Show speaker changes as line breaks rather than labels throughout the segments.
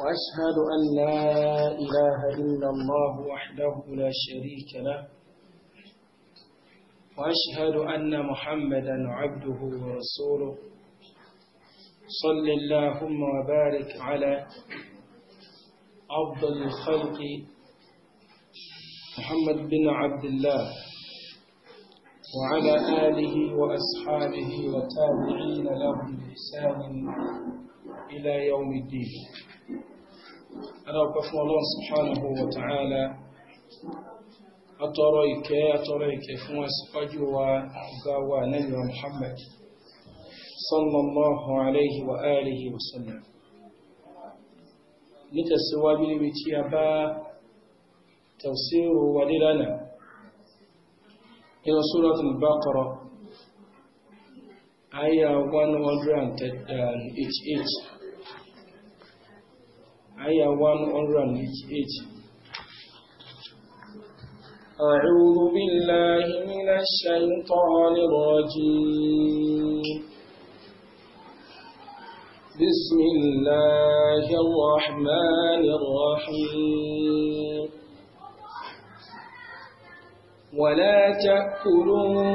وأشهد أن لا إله إلا الله وحده لا شريك له وأشهد أن محمدا عبده ورسوله صل اللهم وبارك على أفضل الخلق محمد بن عبد الله وعلى آله وأصحابه وتابعين لهم بإحسان إلى يوم الدين adáwọ̀pẹ́ fún ọlọ́run subhanahu wa ta'ala atọrọ ìkẹ́ atọrọ ìkẹ́ fún ẹ̀sìfájú wa ọ̀gá wa nẹ́lùwà Muhammad sallallahu alaihi wa alihi wa sallam nítẹ̀síwájú níbi tí a bá tafsiru wa lílánà ila suratul Baqara ayà 188 ayah 108 أعوذ بالله من الشيطان الرجيم بسم الله الرحمن الرحيم ولا تأكلوا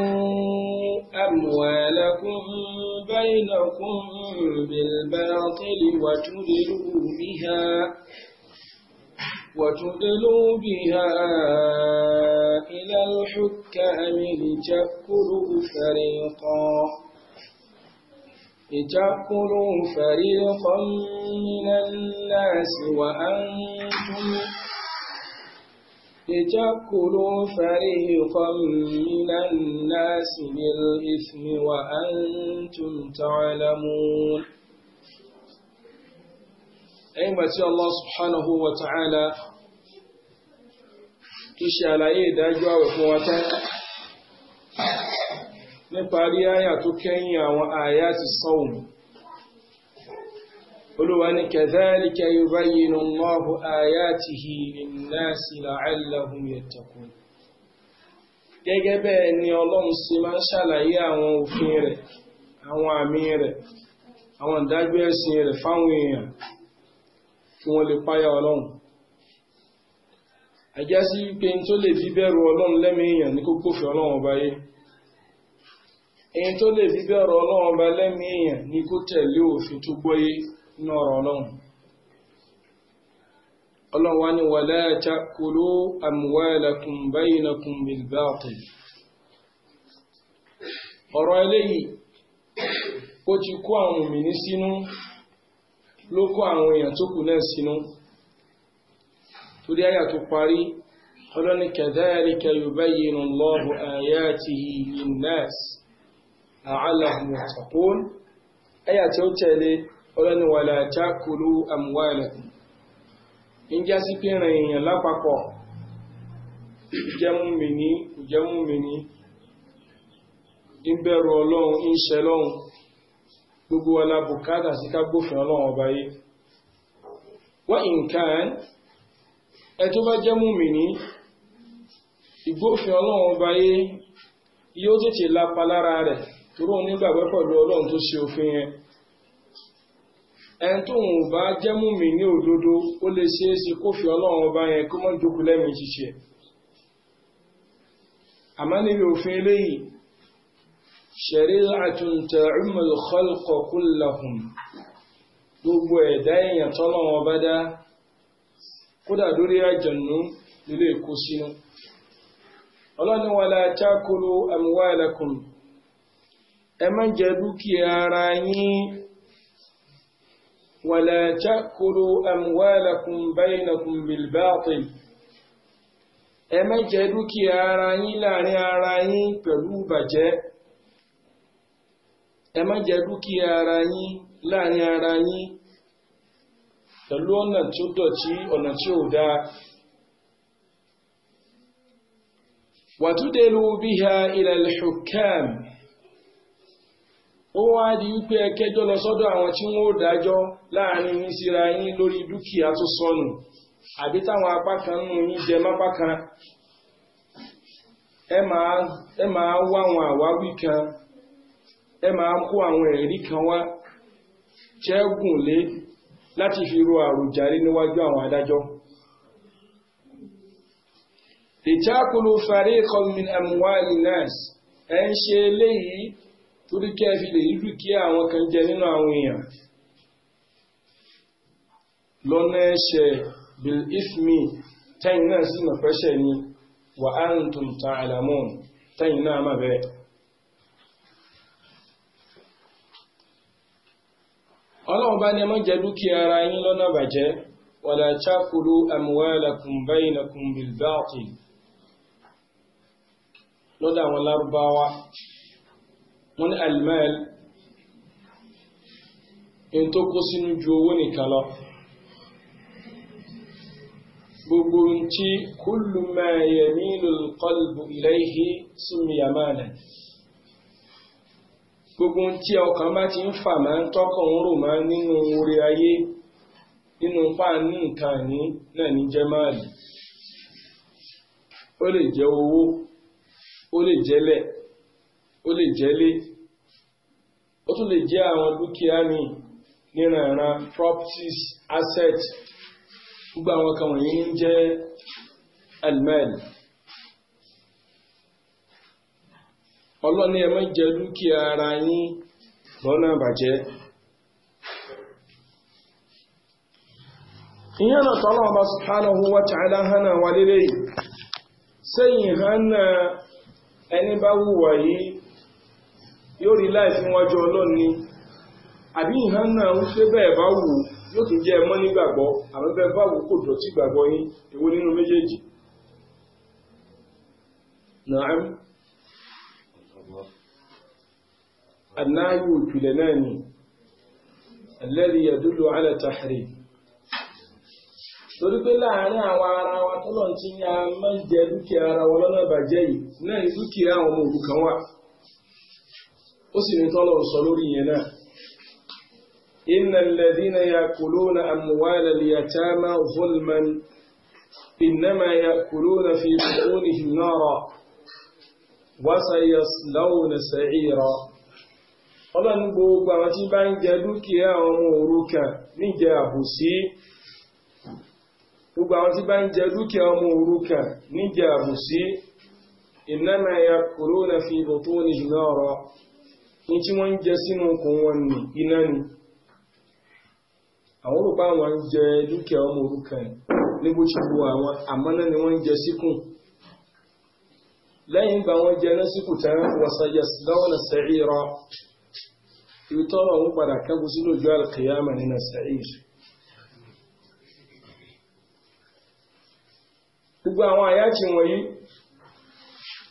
أموالكم بينكم بالباطل وتدلوا بها وتدلوا بها إلى الحكام لتأكلوا فريقا لتأكلوا فريقا من الناس وأنتم لتأكلوا فريقا من الناس بالإثم وأنتم تعلمون أيما الله سبحانه وتعالى iṣẹ́ àlàyé ìdájọ́ àwẹ̀ fún wa tán nípa rí àyà tó kẹ́yìn àwọn àyà ti sọ́ọ̀mù olúwa ní kẹzálíkẹ yubayyinu Allahu ayatihi linnasi la'allahum yattaqun gẹ́gẹ́ bẹ́ẹ̀ ni ọlọ́run sì máa ń ṣàlàyé àwọn òfin rẹ̀ àwọn àmì rẹ̀ àwọn ìdájú ẹ̀sìn rẹ̀ fáwọn èèyàn kí wọ́n lè páyà ọlọ́run àjásí pé n tó lè fi bẹ̀rù ọlọ́run lẹ́mìí èèyàn ní kókó fi ọlọ́run ọba yé èyí tó lè fi bẹ̀rù ọlọ́run ọba lẹ́mìí èèyàn ní kó tẹ̀lé òfin tó gbọ́yé nínú ọ̀rọ̀ ọlọ́run ọlọ́run wá ní wala ta'kulu amwalakum baynakum bil batil ọ̀rọ̀ eléyìí ó ti kó àwọn òmìnir sínú ló kó àwọn èèyàn tó kù náà sínú torí àyà tó parí ọlọ́ni kadhalika yubayyinu Allahu ayatihi linnas la'allahum yattaqun àyà tí ó tẹ̀lé ọlọ́ni wàlá tákùlù amwalakum ń já sí pé ràn èèyàn lápapọ̀ jẹ́mú mi ní jẹ́mú mi ní ń bẹ̀rù ọlọ́run ń ṣẹ lọ́run gbogbo wa la bùkátà sí ká gbófin ọlọ́run ọba yìí wọ́n nǹkan ẹ tó bá jẹ́mú mi ní ìgbófin ọlọ́run ọba yìí yóò tètè lápa lára rẹ̀ torí òun nígbàgbọ́ pẹ̀lú ọlọ́run tó ṣe òfin yẹn ẹni tó ń bá jẹ́ mùmí ní òdodo ó lè ṣeé ṣe kó fi ọlọ́run ọba yẹn kó mọ́ jókòó lẹ́mìí ṣiṣẹ́ àmọ́ níbi òfin eléyìí shari'atun ta'ummul khalqa kullahum gbogbo ẹ̀dá èèyàn tọ́lọ́run ọba dá kódà lórí àjọ̀nú nílé èkó sínú ọlọ́ni wala ta'kulu amwalakum ẹ má jẹ dúkìá ara yín ولا تأكلوا أموالكم بينكم بالباطل ẹ má jẹ dúkìá ara yín láàrin ara yín pẹ̀lú bàjẹ́ ẹ má jẹ dúkìá ara yín láàrin ara yín pẹ̀lú ọ̀nà tó dọ̀tí ọ̀nà tí ò dáa. wàtúndé lu bíhá ilal hukam. ó wá di wípé ẹ kẹ́jọ́ lọ sọ́dọ̀ àwọn tí wọ́n ó dájọ́ láàrin yín síra yín lórí dúkìá tó sọnù àbí táwọn apá kan nù yín jẹ mápá kan ẹ máa wá àwọn àwáwí kan ẹ máa kó àwọn kan wá lé torí kí ẹ fi lè rí dúkìá àwọn kan jẹ nínú àwọn èèyàn lọ́nà ẹ̀ṣẹ̀ bil ismi tẹ́yìn náà sì mọ̀ pẹ́ṣẹ̀ ni wa antum ta'lamun tẹ́yìn náà mà bẹ́ẹ̀. ọlọ́run bá ní ẹ jẹ dúkìá ara yín lọ́nà bàjẹ́ wala ta'kulu amwalakum baynakum bil batil lọ́dọ̀ àwọn lárúbáwá wọ́n ní almal in tó kó sínú ju owó nìkan lọ gbogbo tí kullu ma yamilu alqalbu ilayhi summiya malan gbogbo tí ọkàn bá ti ń fà máa ń tọ́kàn ń rò máa nínú orí ayé nínú páàní nǹkan àní náà ní jẹ́ ó lè jẹ́ owó ó lè jẹ́lẹ̀ ó lè jẹ́lé tún lè jẹ́ àwọn dúkìá ní níranran properties assets gbogbo àwọn kan wọ̀nyí ń jẹ́ almal ọlọ́ni ẹ má jẹ dúkìá ara yín lọ́nà àbàjẹ́ ìyẹn náà tọ́lọ́ ọba wa ta'ala hánà wà lélẹ́yìn sẹ́yìn hánà ẹni bá yóò rí láìsí wájú ọlọ́run ni àbí ìhán náà ń ṣe bẹ́ẹ̀ bá wù yóò tún jẹ́ ẹmọ́ nígbàgbọ́ àmọ́ bẹ́ẹ̀ bá wù kò dọ̀tí gbàgbọ́ yín èwo nínú méjèèjì. ìpìlẹ̀ náà ni ala tahrim torí pé láàárín àwọn ara wa tọ́lọ̀ ti a máa ń jẹ dúkìá ara قسم طلع صلورينا إن الذين يأكلون أموال اليتامى ظلما إنما يأكلون في بطونهم نارا وسيصلون سعيرا طبعا نبوك ونجيب عن جدوك يا أموروك من جابوسي وبعضي بان جدوك أموروك من جابوسي إنما يأكلون في بطون نارا ní tí wọ́n ń jẹ sínú okùn wọn ní iná ni àwọn olùpá wọn ń jẹ dúkìá ọmọ òrukàn níbo tí wo àwọn àmọ́ná ni wọ́n ń jẹ síkùn lẹ́yìn ìgbà wọn jẹ náà síkùn tán wàsàyà lọ́wọ́nà sa'ira ìtọ́ àwọn padà kẹ́kù sínú ìjọ alkiyama nínú sa'ir gbogbo àwọn àyájì wọ̀nyí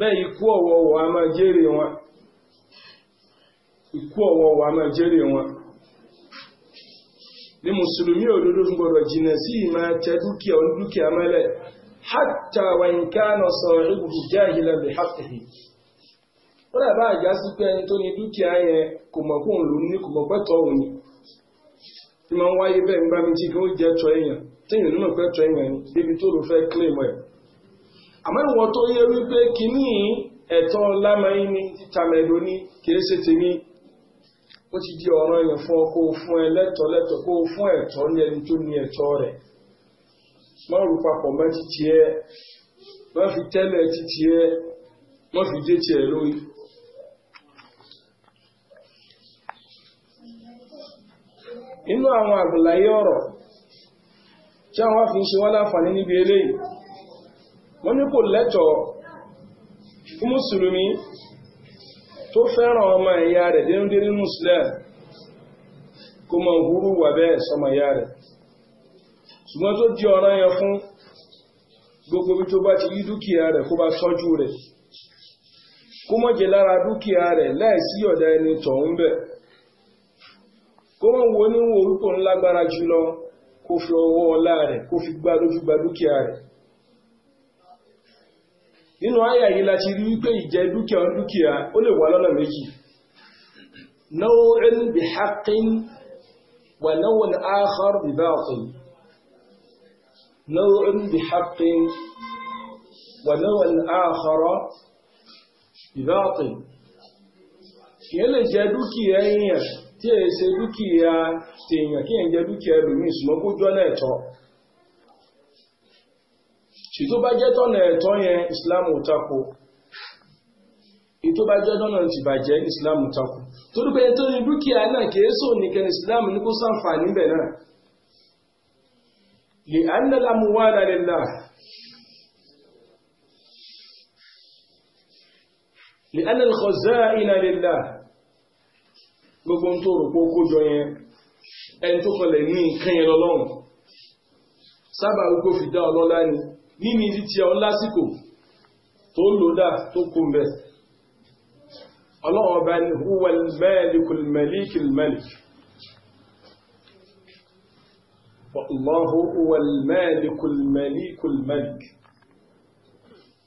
bẹ́ẹ̀ ikú ọ̀wọ̀wọ̀ a máa jèrè wọn ikú ọ̀wọ̀wọ̀ a máa jèrè wọn ní mùsùlùmí òdodo ń gbọdọ̀ jìnà sí ìmá tẹ dúkìá Ha mẹ́lẹ̀ hátà wà ń sọ̀rọ̀ ìgbùgbù jẹ́ àhìlẹ̀ lè hàtẹ̀hì ó dà àjá sí pé ẹni tó ní dúkìá yẹn kò mọ̀ ní kò mọ̀ òun ni tí ń wáyé bẹ́ẹ̀ ń bá mi ni àmọ́ ìwọ̀n tó yẹ wípé kìíní ẹtọ lámàáyí ní títa mẹ́lò ní kìí ṣe tèmi ó ti di ọ̀ràn yẹn fún ọ kó fún ẹ lẹtọ lẹtọ kó fún ẹtọ ní ẹni tó ní ẹ̀tọ́ rẹ̀ wọ́n rú fi tẹlẹ títí ẹ fi dé tiẹ̀ lórí. inú àwọn tí àwọn ń ṣe wọ́n ní kò lẹ́tọ̀ọ́ fún mùsùlùmí tó fẹ́ràn ọmọ ẹ̀yà rẹ̀ dénúdé nínú islam kó mọ òhúrú wà bẹ́ẹ̀ sọmọ ẹ̀yà rẹ̀ ṣùgbọ́n tó di ọ̀ràn yẹn fún gbogbo bí tó bá ti yí dúkìá rẹ̀ kó bá sọ́jú rẹ̀ kó mọ̀ jẹ lára dúkìá rẹ̀ láìsí ọ̀dà ẹni tọ̀hún bẹ̀ kó mọ̀ wo níwò orúkọ ńlágbára jùlọ kó fi ọwọ́ ọlá rẹ̀ kó fi gbá lójú gba dúkìá rẹ̀ nínú ayà yìí la ti rí wípé ìjẹ dúkìá dúkìá ó lè wà lọ́nà méjì naw'un bi haqqin wa naw'un akhar bi batil naw'un bi haqqin wa naw'un akhar bi batil kìí lè jẹ dúkìá èèyàn tí èsè dúkìá tèèyàn kí èèyàn jẹ dúkìá lòmí ìsúnmọ́gbójọ́ náà tọ́ ìtó bá jẹ́ tọ́nà ẹ̀tọ́ yẹn ìsìláàmù tako ìtó bá jẹ́ tọ́nà ti bàjẹ́ ìsìláàmù tako torí pé tó ní dúkìá náà kèésò nìkan ìsìláàmù ní kó sàǹfààní bẹ̀ náà lè ánàlámù wà lálẹ́ náà lè ánàlùkọ̀ọ́zá ìnà lè náà gbogbo tó rò kójọ yẹn ẹni tó kọlẹ̀ ní nǹkan lọ́lọ́run sábà gbogbo fi dá ọlọ́lá ni níní títí ọ lásìkò tó lòdà tó kún bẹ̀ ọlọ́wọ́ bá ní huwal malikul malikil malik wallahu huwal malikul malikul malik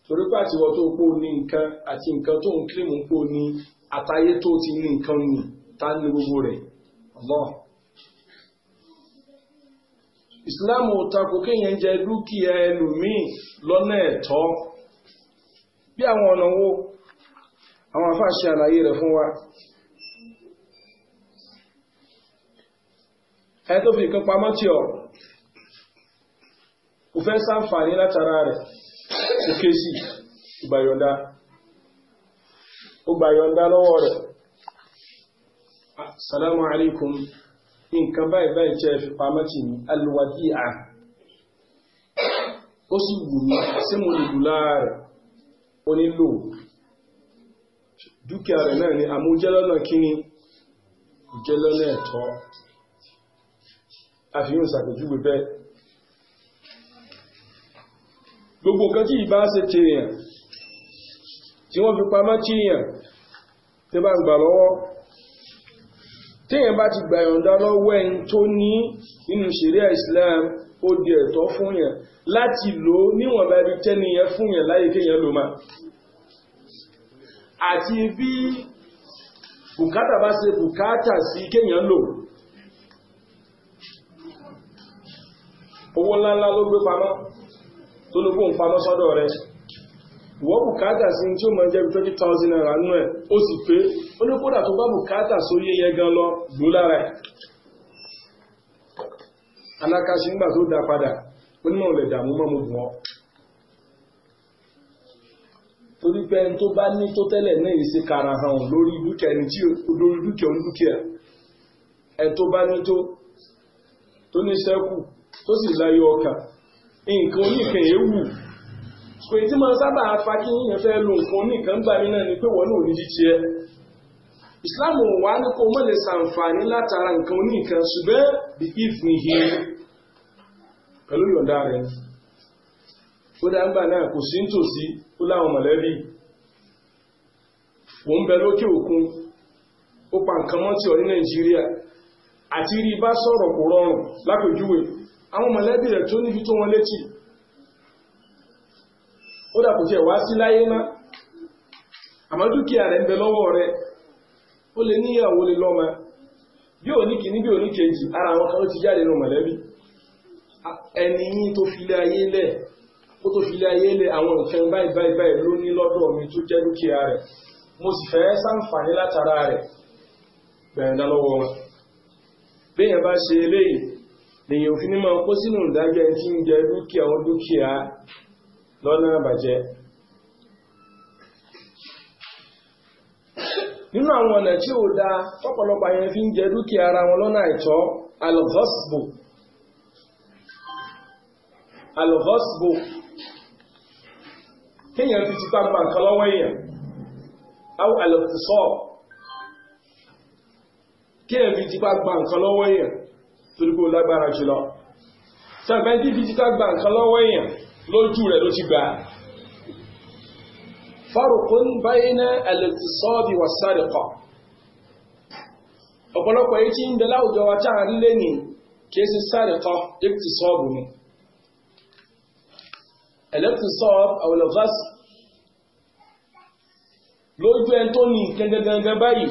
torí pé àtiwọ́ tó pò ní nǹkan àti nǹkan tó ń kílìmù pò ní àtayé tó ti ní nǹkan nì tá ní gbogbo rẹ̀ Allah Islam ò takò kéèyàn jẹ dúkìá ẹlòmíì lọ́nà ẹ̀tọ́ bí àwọn ọ̀nà wo àwọn àfáà ṣe àlàyé rẹ̀ fún wa ẹ tó fi nǹkan pamọ́ tí ọ kò fẹ́ sáǹfààní látara rẹ̀ kò ké sí ìgbàyọ̀ǹda ó lọ́wọ́ rẹ̀ salamu alaikum nǹkan báyìí báyìí jẹ́ fi pamọ́ tì mí alùwàdí à ó sì wù mí sí mo lè lù rẹ̀ ó nílò dúkìá rẹ̀ náà ni àmújẹ́lọ́nà kíní ìjẹ́lọ́nà ẹ̀tọ́ àfihàn ìsàpèjúwe bẹ́ẹ̀ gbogbo nǹkan tí ìbá ṣe tèèyàn tí wọ́n fi pamọ́ tìyàn tí bá ń gbà lọ́wọ́ téèyàn bá ti gbà yọ̀ǹda lọ́wọ́ ẹni tó ní nínú ṣẹ̀ríà Islam ó di ẹ̀tọ́ fún yẹn láti lò ó níwọ̀nba ibi tẹ́ni yẹn fún yẹn láyé kéèyàn ló máa àti bí bùkátà bá ṣe bùkátà sí kéèyàn lò owó ńláńlá ló gbé pamọ́ tó ló gbóhùn pamọ́ sọ́dọ̀ rẹ̀ wọ́n bùkátà sí tí ó mọ̀ jẹ́ 20,000 naira nú ẹ̀ ó sì pé ó tó bá bùkátà sórí ẹyẹ gan lọ ló lára ẹ̀ alákàṣí ńgbà tó dá padà ó ní dààmú mọ́ mo bù ọ́ torí pé tó bá ní tó tẹ́lẹ̀ náà yìí ṣe kara lórí dúkìá ẹni tí dúkìá dúkìá tó bá ní tó tó ní sẹ́kù tó sì lo nǹkan oníkan náà ni pé wọ́n náà islamu wa ni ko mo le latara nkan onye nkan sube bi ifun hi pelu yonda re o da nba na ko sinto si o lawo malabi wo nbe loke okun o pa nkan ti ori nigeria ati ri ba soro ko rorun lapejuwe awon malebi re to ni fi to won leti o da ko je wa si laye ma amadu ki are nbe lowo re o lè a lè lọ́mọ bí ò ní kìíní bí ò ara àwọn kan ti jáde nù mọ̀lẹ́bí ẹni yín tó filé ayé lẹ̀ ó tó filé ayé lẹ̀ àwọn nǹkan báyìí báyìí báyìí mi tó jẹ́ dúkìá mo sì fẹ́ sáǹfààní látara rẹ̀ bẹ̀rẹ̀ dá lọ́wọ́ wọn béèyàn bá ṣe eléyìí lèyìn òfin ní máa kó sínú nínú àwọn ọ̀nà tí ò dáa ọ̀pọ̀lọpọ̀ àyẹn fi ń jẹ dúkìá ara wọn lọ́nà àìtọ́ alghasbo alghasbo kéèyàn fi tipa gba nǹkan lọ́wọ́ èèyàn àwọn alẹ́kùsọ́ kéèyàn fi tipa gba nǹkan lọ́wọ́ èèyàn torí kó lágbára jùlọ sọ̀gbẹ́ntì fi tipa gba nǹkan lọ́wọ́ èèyàn lójú rẹ̀ ló ti gbà á فرق بين الاقتصاد iqtisabi wa sariqa ọ̀pọ̀lọpọ̀ èyí tí ń bẹ láwùjọ wa tí a ń lé ní kéésì sariqa iqtisabu ni al-iqtisab aw al-ghasb lójú ẹni tó ní nǹkan gangan báyìí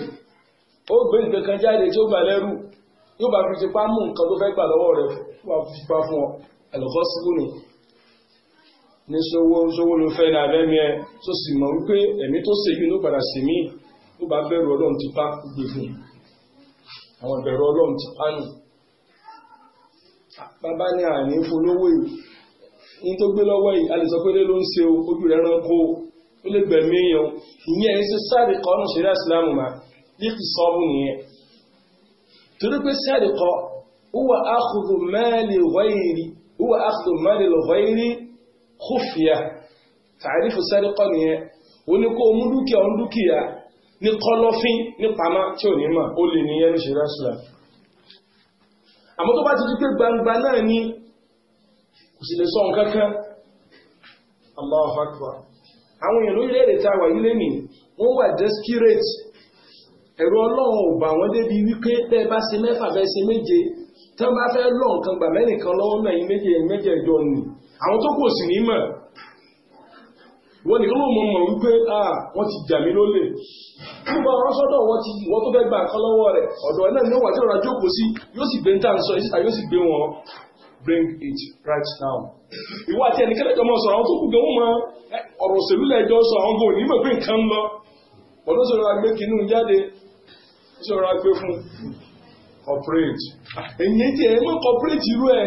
ó gbé nǹkan kan jáde tí ó gbà lẹ́rù yóò bá fi tipa mú nǹkan tó fẹ́ gbà lọ́wọ́ rẹ̀ wà fipá fún ọ al-ghasbu ní sówó sówó ló fẹ́ náà lẹ́mí ẹ tó sì mọ̀ wípé ẹ̀mí tó ṣe yìí ló padà sí mí tó bá bẹ̀rù ọlọ́run ti pa gbè fún àwọn ìbẹ̀rù ọlọ́run ti pa nù. bàbá ní àní folówó yìí ní tó gbé lọ́wọ́ yìí a lè sọ pé lé ló ń ṣe ojú rẹ̀ ránkó ó lè gbẹ̀mí èèyàn ìyẹn ẹni sí sáàdì kọ́ ọ̀nà ṣẹlẹ̀ ìsìlámù mà ní ti sọ ọ́bù nìyẹn torí pé sáàdì kọ́ ó wà áàkùdù mẹ́lì lọ́wọ́ yìí kófìyà tàrífù sẹ́ríkọ́ nìyẹn ó ní kó mú dúkìá ó dúkìá ní kọ́lọ́fín ní pamá tí ò ní mà ó lè ní yẹnu ṣe rásùlá àmọ́ tó bá ti di pé gbangba náà ní kò sì lè sọ nǹkan kan Allahu Akbar àwọn èèyàn lórí lẹ́rẹ̀ tá a wà nílé nì wọ́n wà desperate ẹ̀rọ ọlọ́run ò bà wọ́n débi wípé tẹ́ ẹ bá ṣe mẹ́fà fẹ́ ṣe méje tẹ́ wọ́n bá fẹ́ lọ nǹkan gbà mẹ́nìkan lọ́wọ́ náà yín méje méje ìjọ nì àwọn tó kò sì ní mọ̀ wọ́n ni ló mọ̀ mọ̀ wípé àà wọ́n ti jà mí lólè púpọ̀ ọ̀rọ̀ sọ́dọ̀ wọ́n ti wọ́n tó fẹ́ gba nǹkan lọ́wọ́ rẹ̀ ọ̀dọ̀ náà ní wàtí ọ̀rọ̀ jókòó sí yóò sì gbé ń tàn sọ ìsìta yóò sì gbé wọn bring it right now ìwọ àti ẹnikẹ́ni kan mọ̀ sọ̀rọ̀ àwọn tó kù gan wọ́n mọ ọ̀rọ̀ òṣèlú lẹ́jọ́ sọ àwọn gan òní mọ̀ pé nǹkan ń lọ ọ̀dọ́ sọ̀rọ̀ agbé kinú jáde sọ̀rọ̀ agbé fún corporate ẹ̀yìn tí ẹ̀ mọ́ corporate irú ẹ̀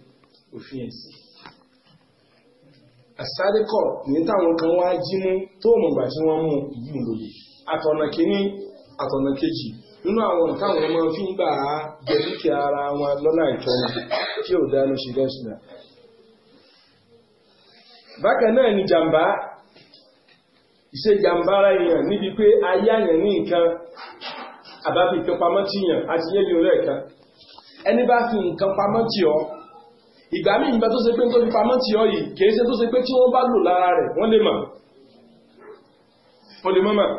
òfin ẹ̀sìn àsádẹ́kọ̀ ní táwọn kan wá jí mú tó mọ̀gbà tí wọ́n mú ìyí lòye àtọ̀nà kìíní àtọ̀nà kejì nínú àwọn táwọn ọmọ fi ń gbà á jẹ dúkìá ara wọn lọ́nà ìtọ́nà tí ò dánú ṣe bákan náà ni ìṣe ara èèyàn níbi pé ní nǹkan pamọ́ yàn àti fi nǹkan pamọ́ ọ ìgbà míì ìgbà tó ṣe pé nítorí pamọ́ ti ọ yìí kìí ṣe tó ṣe pé tí wọ́n bá lò lára rẹ̀ wọ́n lè mọ̀ wọ́n lè mọ́mọ̀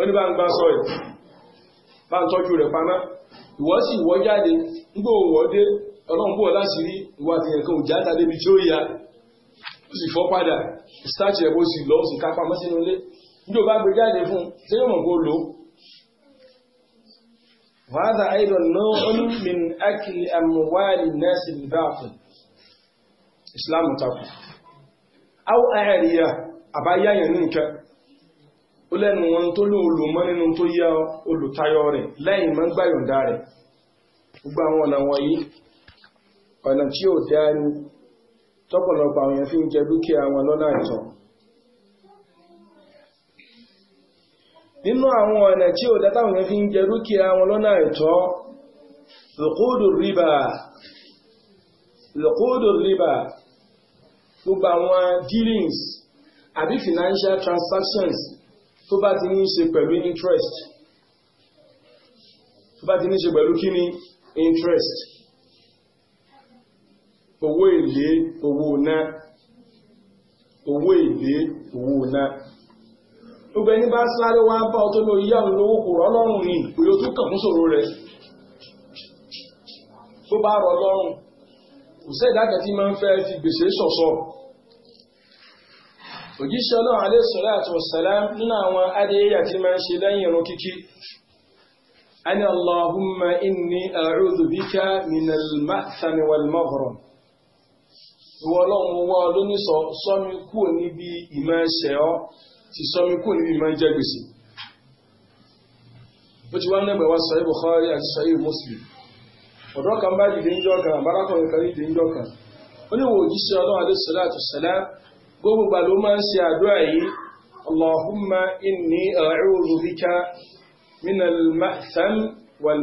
ó ní bá ń gbá sọ ẹ̀ bá ń tọ́jú rẹ̀ pamọ́ ìwọ sì wọ́ jáde nígbà òwò dé ọlọ́run bò láti rí ìwà àtìyàn kan òjá ta débi tí ó ya ó sì fọ́ padà ìsáàtì ẹ̀ bó sì lọ sì ká pamọ́ sínú ilé nígbà bá gbé jáde fún un ṣé yóò mọ̀ kó lò وهذا أيضا نوع من أكل أموال الناس بالباطل إسلام تقول أو أعرية أبايا ينك olẹ́nu wọn tó lóun olùmọ́ nínú tó yá olùtayọ rẹ̀ lẹ́yìn mọ́ gbàyọ̀ǹda rẹ̀ gbogbo àwọn na wọ̀nyí ọ̀nà tí ò dáa ní tọ́pọ̀lọpọ̀ fi nínú àwọn ọ̀nà tí ó dátáwọn yẹn fi ń jẹ dúkìá wọn lọ́nà ẹ̀tọ́ lùkúdù ríbà gbogbo àwọn dealings àbí financial transactions tó bá ti ní ṣe pẹ̀lú interest tó bá ti ní ṣe pẹ̀lú kíní interest owó èlé owó ná owó èlé owó ná gbogbo ẹni bá sáré wá bá ọ tó lọ yá òun lówó kò rọ́ lọ́rùn ni òye tó kàn ń sọ̀rọ̀ rẹ̀ tó bá rọ lọ́rùn kò sí ìdákan tí máa ń fẹ́ fi gbèsè ṣọ̀ṣọ́ òjíṣẹ́ náà alayhi salatu wassalam nínú àwọn adéyà tí máa ń ṣe lẹ́yìn irun kíkí ani allahumma inni a'udhu bika min al-ma'thami wal-maghram ìwọ ọlọ́run ọ lónìí sọ sọ kúrò níbi ìmọ̀ ẹ̀ṣẹ̀ ọ́ ti sọ mi kú níbi ìmọ̀ jẹ́ gbèsè ó ti wá nẹ́gbẹ̀ẹ́ wá sahih Bukhari àti sahih Muslim ọ̀dọ́ kan bá dìde ń jọ́kan àbárakọ̀rin kan dìde ń jọ́kan ó ní wò jíṣẹ́ ọlọ́run alẹ́ sọ́lá àti sọ́lá gbogbo gbà ló máa ń ṣe àdúrà yìí Allahumma inni a'udhu bika min al-ma'tham wal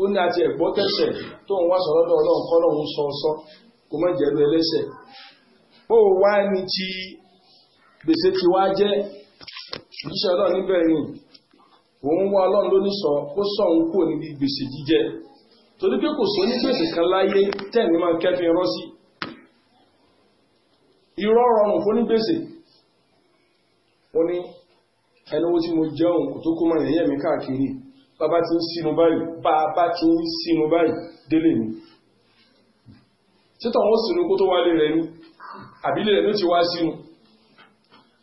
ó ní àti ẹ̀gbọ́ tẹ̀sẹ̀ tó ń wá sọ̀rọ̀ lọ́dọ̀ ọlọ́run kọ́ kò má jẹ́ ẹlẹ́sẹ̀ ó wá ní ti gbèsè ti wá jẹ́ ìṣẹ́ ọlọ́run níbẹ̀ ni òun wá ọlọ́run ló ní sọ kó sọ òun kúrò níbi gbèsè jíjẹ torí pé kò sóní gbèsè kan láyé tẹ̀mí máa kẹ́fìn irọ́ sí irọ́ rọrùn fún ní gbèsè ó ní ẹni owó tí mo jẹun kò tó kó mọ̀ ẹ̀yẹ́ mi káàkiri bàbá ti ń sínú báyìí bàbá ti ń sínú báyìí délé mi títọ̀ wọn sínú kó tó wálé rẹ̀ ní àbílẹ̀ ló ti wá sínú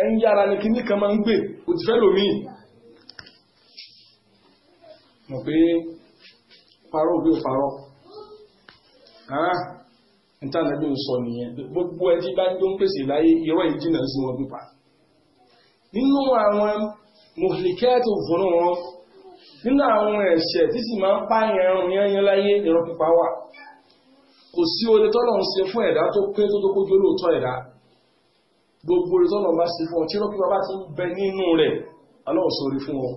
ẹ̀yìn yára ní kíní kan máa ń gbè ó ti fẹ́ lómi mọ̀ pé parọ́ òbí parọ́ ìtànàbí ah, ń sọ nìyẹn gbogbo ẹjí bá ń gbóhùn pèsè láyé irọ́ ìjìnà sí wọn pípa nínú àwọn mọ̀lẹ́kẹ́ẹ̀tì òfòrò wọn nínú àwọn ẹ̀ṣẹ̀ tí sì máa ń pààyàn ẹ̀rùn yányán láyé irọ́ pípa wà kò sí orí tọ́lọ̀ ń ṣe fún ẹ̀dá tó pé tó tó kójú olóòótọ́ ẹ̀dá gbogbo ìtọ́nà bá sí fún ọ tí rọ́pí bàbá ti ń bẹ nínú rẹ̀ aláwọ̀sọ̀rí fún ọ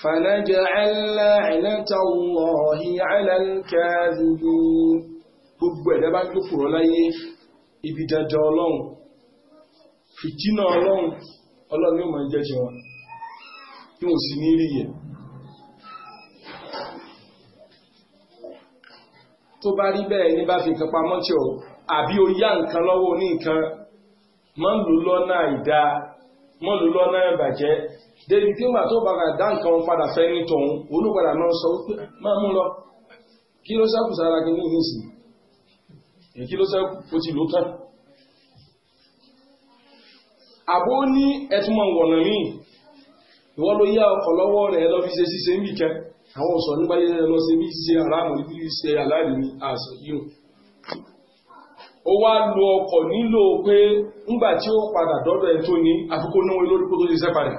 fànájẹ́ aláìlẹ́tàwọ̀hí aláìkẹ́zìdì gbogbo ẹ̀dá bá jó fòrọ láyé ibi dandan ọlọ́run fìtínà ọlọ́run ọlọ́run yóò máa jẹ́jẹ wọn kí wọ́n sì ní rí yẹn tó bá rí bẹ́ẹ̀ ní bá fi kan pamọ́ tí ọ̀rọ̀ àbí o yá nǹkan lọ́wọ́ ní nǹkan mọ́ lò lọ́nà ìdá mọ́ lò lọ́nà ìbàjẹ́ débi tí nígbà tó bá dá nǹkan padà fẹ́ ní tọ̀hún olùpadà náà sọ wípé máa mú lọ kí ló sẹ́kù sára kí ní ìsìn èkí ló sẹ́kù ó ti lò tán àbó ní ẹtùmọ̀ wọ̀nà míì ìwọ́n ló yá ọkọ̀ lọ́wọ́ rẹ̀ lọ fi ṣe ń bì kẹ́ àwọn ó wá lo ọkọ̀ nílò pé ńgbà tí ó padà dọ́dọ̀ ẹ̀ tó ní àfikún náwó lórí kó tó ti sẹ́ padà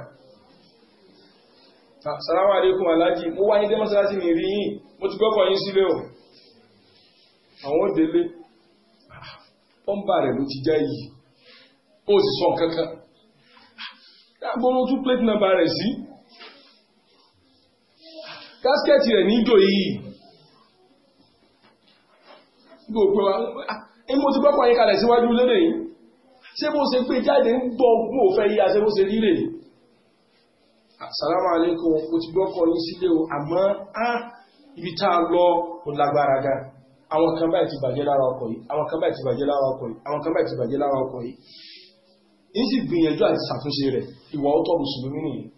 sàlámà alékùn aláàjì mo wáyé dé mọ́sálásí ní rí yìí mo ti gbọ́kọ̀ yín sílé o àwọn délé ah, pọ́ńbà rẹ̀ ló ti já yìí ó sì sọ kankan ah, dágbóró tún plate number rẹ̀ sí gáskẹ́tì ah, rẹ̀ níjò yìí èmi mo ti gbọ́pọ̀ yín kalẹ̀ síwájú lédè yìí ṣé mo ṣe pé jáde ń gbọ́ ogún òfẹ́ yíya ṣé mo ṣe rírè yìí assalamu alaikum ti gbọ́kọ̀ yín sílé o àmọ́ á ibi tá a lọ kò lágbára gan àwọn kan báyìí ti bàjẹ́ lára ọkọ̀ yìí àwọn kan báyìí ti bàjẹ́ lára ọkọ̀ yìí àwọn kan báyìí ti bàjẹ́ lára ọkọ̀ yìí ń sì gbìyànjú àti ṣàtúnṣe rẹ̀ ìwà ọ̀tọ̀ mùsùlùmí nìyẹn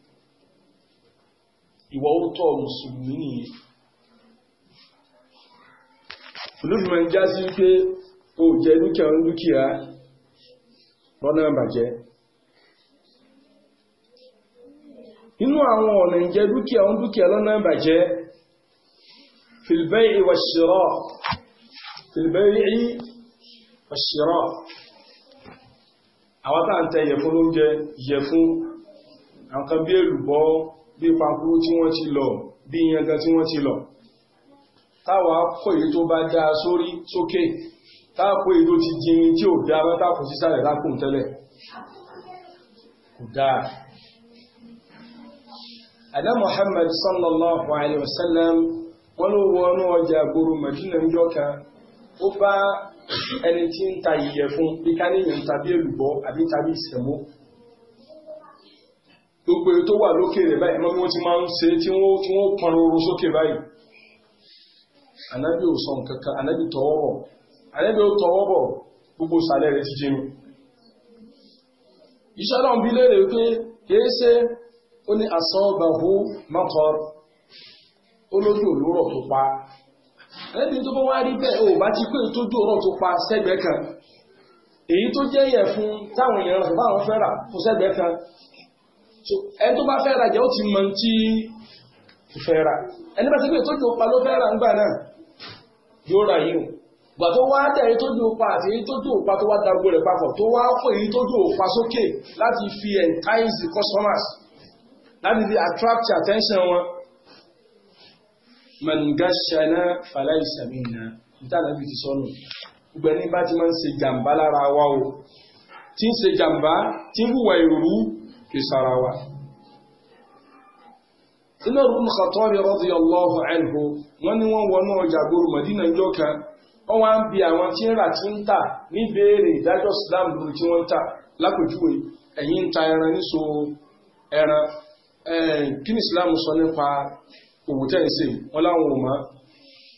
ìwà ọ̀tọ̀ mùsùlùmí nìyẹn olóògbé ń já sí pé ó jẹ dúkìá ń dúkìá lọ́nà ìbàjẹ́ inú àwọn ọ̀nà ìjẹ dúkìá ń dúkìá lọ́nà ìbàjẹ́ fil bay'i wash shira fil bay'i wash shira àwọn tàà ń tẹ ìyẹ̀fún lóúnjẹ ìyẹ̀fún nǹkan bí èlùbọ́ bí pankúrú tí wọ́n ti lọ bí yangan tí wọ́n ti lọ táwa kò èyí tó bá dáa sórí sókè okay táàpù èdò ti jirin tí ò dá mọ́ táàpù sísàlẹ̀ lápùn tẹ́lẹ̀ kò dáa adá Muhammad sallallahu alaihi wasallam wọ́n ló wọ inú ọjà gbòrò Madina ń jọ́ka ó bá ẹni tí ń ta ìyẹ̀fun bí káníyàn tàbí èlùbọ́ àbí tàbí ìsẹ̀mó gbogbo tó wà lókè rẹ̀ báyìí mọ́ bí wọ́n ti máa ń ṣe tí wọ́n pọn roro sókè báyìí anábì ò sọ nǹkan kan anábì tọwọ́rọ̀ àlẹ́bí ó tọwọ́ bọ̀ gbogbo sàlẹ̀ rẹ̀ ti jẹun iṣẹ́ náà bí lérè pé kìí ṣe ó ní asọ́bàhú mọ́kọr olójú òlúrọ̀ tó pa ẹni tó bọ́ wá rí bẹ́ẹ̀ ò bá ti pé ìtójú ọ̀rọ̀ tó pa sẹ́gbẹ̀ẹ́ kan èyí tó jẹ́ yẹ̀ fún táwọn èèyàn rẹ̀ báwọn fẹ́ rà fún sẹ́gbẹ̀ẹ́ kan ẹni tó bá fẹ́ rà jẹ́ ó ti mọ tí fẹ́ rà ẹni bá ti pé ìtójú ọ̀pá ló fẹ́ rà ńgbà náà yóò rà yìí gbà tó wá dẹ̀ èyí tó dùn pa àti èyí tó dùn pa tó wá darúgbó rẹ̀ papọ̀ tó wá kó èyí tó dùn pa sókè láti fi entice the customers láti fi attract attention wọn. mẹ̀ngàṣẹ́nà fàlẹ́ ìṣàmìnà ìtàlábì ti sọnù gbogbo ẹni bá ti máa ń ṣe jàǹbá lára wa o tí ń ṣe jàǹbá tí ń hùwà ìrú kì í sara wa. Umar ibn Khattab radiyallahu anhu wọ́n ní wọ́n wọnú ọjà gbòòrò Màdínà ìjọ kan ó wá ń bi àwọn tí ń rà tí ń tà ní béèrè ìdájọ́ Islam lórí tí wọ́n ń tà lápèjúwe ẹ̀yin ń ta ẹran níṣo ẹran kí ni Islam sọ nípa òwò tẹ́ ń ṣe wọn láwọn ò mọ̀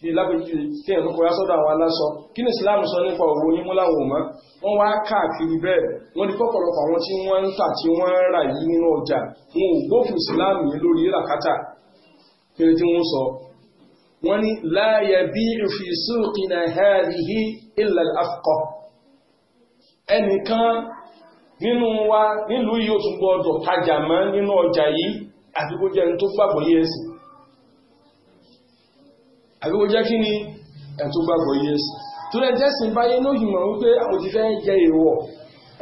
ní lápèjúwe tí ẹ̀rọ kọjá sọ́dọ̀ àwọn aláṣọ kí ni Islam sọ nípa òwò yín wọn láwọn ò mọ̀ wọ́n wá káàkiri bẹ́ẹ̀ wọ́n di pọ̀pọ̀lọpọ̀ àwọn tí wọ́n ń tà tí wọ́n rà yìí nínú ọjà wọn ò gbófin Islam yìí lórí ràkátà kí ni tí wọ́n sọ wọ́n ní láàyè bí fi suqina hadhihi illa al-afqa ẹnìkan nínú wa nílùú yìí ó tún gbọ́dọ̀ tajà mọ́ nínú ọjà yìí àbí kó jẹ́ ẹni tó gbàgbọ́ yé ẹ̀sìn kí ni ẹni gbàgbọ́ yé tó lẹ́ jẹ́sìn báyé lóyìn mọ̀ wípé àwọn ti fẹ́ jẹ èèwọ̀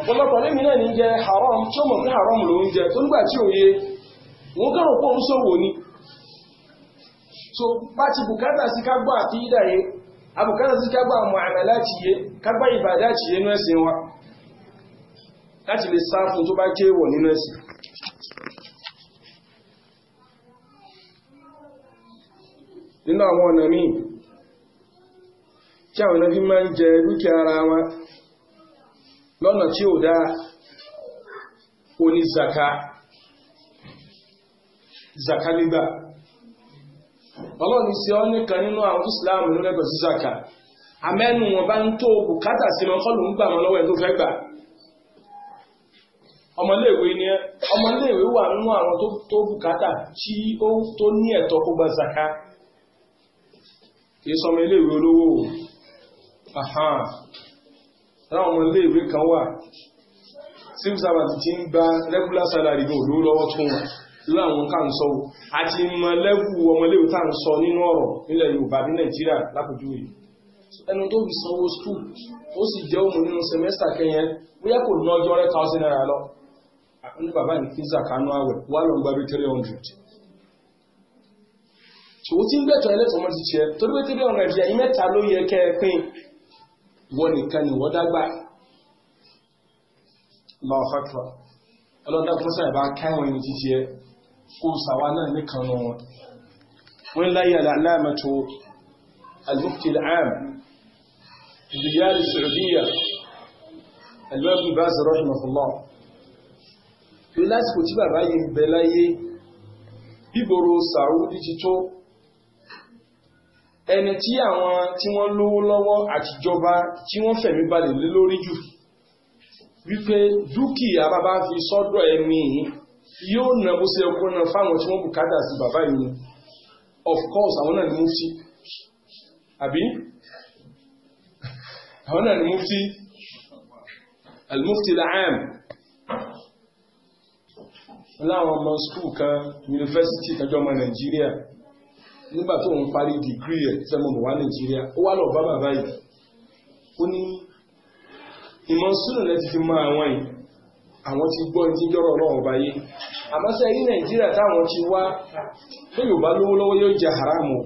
ọ̀pọ̀lọpọ̀ lẹ́mi náà ní jẹ haram tí ó mọ̀ pé haram ló ń jẹ tó nígbà tí òye wọ́n kẹ́rọ̀ pọ̀ ń ṣòwò ni so bá ti bùkátà sí ká gbọ́ àkídà yé abùkátà sí ká gbọ́ muamalati yé ká gbọ́ ìbàdàtì yé nínú ẹ̀sìn wa láti lè sá fún tó bá jẹ́ èèwọ̀ nínú ẹ̀sìn nínú àwọn ọ̀nà míì tí àwọn ẹbí máa ń jẹ dúkìá ara wọn lọ́nà tí ò dáa oní zaka zaka nígbà ọlọ́run isi sí ọ nínú àwọn islam ló lẹ́gbẹ̀ẹ́ sí amẹ́nu wọn bá ń tó bùkátà sí wọn kọ́lù ń gbà wọn lọ́wọ́ ẹ̀ tó fẹ́ gbà ọmọléèwé ni ọmọléèwé wà nínú àwọn tó tí ó tó ní ẹ̀tọ́ kó gba ọmọ kan wà civil gba regular salary ní irú àwọn ká ń sọ o àti mọ lẹ́wù ọmọléwù tá ń sọ nínú ọ̀rọ̀ nílẹ̀ Yorùbá ní Nàìjíríà lápòjúwe ẹnu tó fi sanwó skul ó sì jẹ́ òmù nínú semester kẹyẹn bóyá kò ná ọjọ́ rẹ̀ thousand naira lọ àwọn bàbá ní fíìsà kanú àwẹ̀ wà ló ń gba bí three hundred ṣòwò tí ń bẹ̀tọ̀ ẹlẹ́tọ̀ ọmọ ti tiẹ̀ torí pé three hundred yẹn mẹ́ta ló yẹ kẹ́ ẹ pín wọ́n nìkan ni wọ́n dágbà ọlọ́dà kúrò sáyẹ̀ káwọn ẹni ti tiẹ̀ kó sàwà náà nìkan wọn wọ́n láyé aláàmàtò al-mufti al-aam diyar saudiya al-mufti baz rahimahullah tó lásìkò tí bàbá yìí ń bẹ láyé bíboro saudi ti tó ẹni tí àwọn tí wọ́n lówó lọ́wọ́ àtijọba tí wọ́n fẹ̀mí balẹ̀ lé lórí jù wípé dúkìá bàbá fi sọ́dọ̀ ẹ̀mí yìí yóò na bó ṣe kó nà fáwọn tí wọ́n bùkátà sí bàbá yìí of course àwọn náà ni mufti àbí àwọn náà ni mufti al-mufti al-aam láwọn ọmọ skul kan yunifásitì kájọ ọmọ nàìjíríà nígbà tó ń parí dìgírì ẹ̀ tẹ́mọ̀ bọ̀ wá nàìjíríà ó wá lọ bá bàbá yìí ó ní ìmọ̀ sùnà lẹ́ti fi mọ àwọn yìí àwọn ti gbọ́ ní jọ́rọ̀ náà ọba yé àmọ́sẹ́ ní nàìjíríà táwọn ti wá pé yorùbá lówó lọ́wọ́ yóò jẹ haramu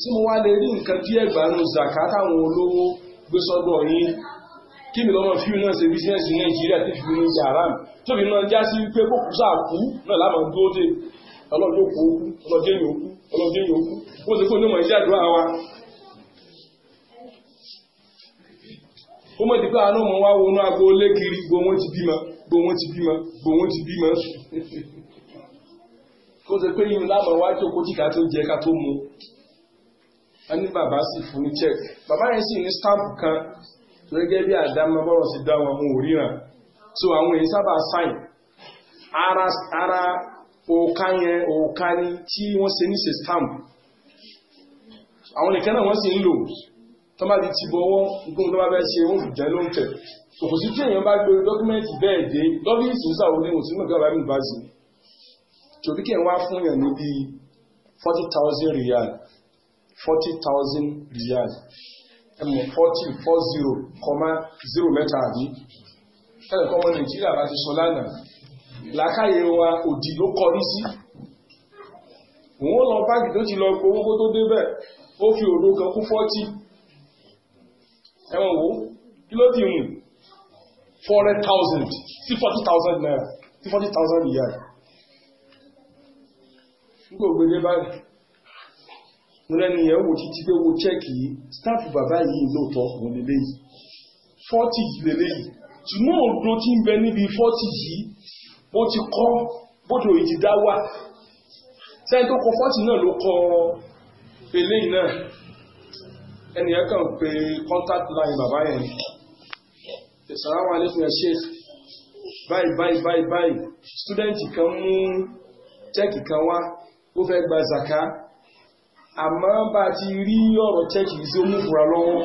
tí mo wá lè rí nǹkan bí ẹgbàánu zaka táwọn olówó gbé sọ́dọ̀ yín kí mi lọ́mọ fíìmù náà ṣe bísíǹsì ní nàìjíríà tí fíìmù ní jẹ haramu tóbi náà já sí wípé kókù sáà kú náà lámà dúró dé ọlọ́dún yóò ọlọ́dún yóò kú ọlọ́dún yóò kú ó mọ̀ dípẹ́ àánú mọ̀ wá wọnú agbo lé kiri gbowó ti bímọ gbowó ti bímọ gbowó ti bímọ kó ṣe pé yìí lámọ̀ wá tó kójú ká tó jẹ ká tó mu a ní bàbá sì fún ní check bàbá yẹn sì ní stamp kan tó gẹ́gẹ́ bí àdámọ́ bọ́rọ̀ sí dá wọn ohun òríran so àwọn èyí sábà sign ara ara òòka yẹn òòka ni tí wọ́n ṣe ní ṣe stamp àwọn nìkan náà wọ́n sì ń lò tó bá ti ti bọ ọwọ́ nǹkan tó bá fẹ́ ṣe ó jẹ́ ló ń tẹ̀ kò sí tí èèyàn bá gbé dọ́kúmẹ́ǹtì bẹ́ẹ̀ dé lọ́fíìsì ń sàwọn oníwò sínú ìgbà bàbá ìgbà sí tòbí kí n wá fún yàn ní bíi forty thousand riyal forty thousand riyal ẹ forty four zero comma zero mẹ́ta àbí ẹnì kan ọmọ nàìjíríà bá ti sọ lánàá làákàyè wa òdì ló kọrí sí òun lọ báàgì tó ti lọ gbowó kó tó débẹ̀ ó fi òdo kan kú forty ẹ̀wọ̀n wo kí ló dì mú four hundred thousand sí forty thousand naira sí forty thousand ìyá rẹ̀ nígbà ògbélé báyìí mo lẹ́nu yẹn wò títí pé owó chẹ́ẹ̀kì yìí sítáàfù bàbá yìí lóòótọ́ òun lélẹ́yìí forty yìí lélẹ́yìí ṣùgbọ́n òdo tí ń bẹ níbi forty yìí bó ti kọ́ bódò ìdídá wà sẹ́yìn tó kọ forty náà ló kọ eléyìí náà ẹnìyàn kan pé contact line bàbá yẹn ìsàlámù aláìkùn yẹn ṣe báyìí báyìí báyìí báyìí student kan mú check kan wá ó fẹ́ gba zaka àmọ́ bá ti rí ọ̀rọ̀ check yìí sí omi fura lọ́wọ́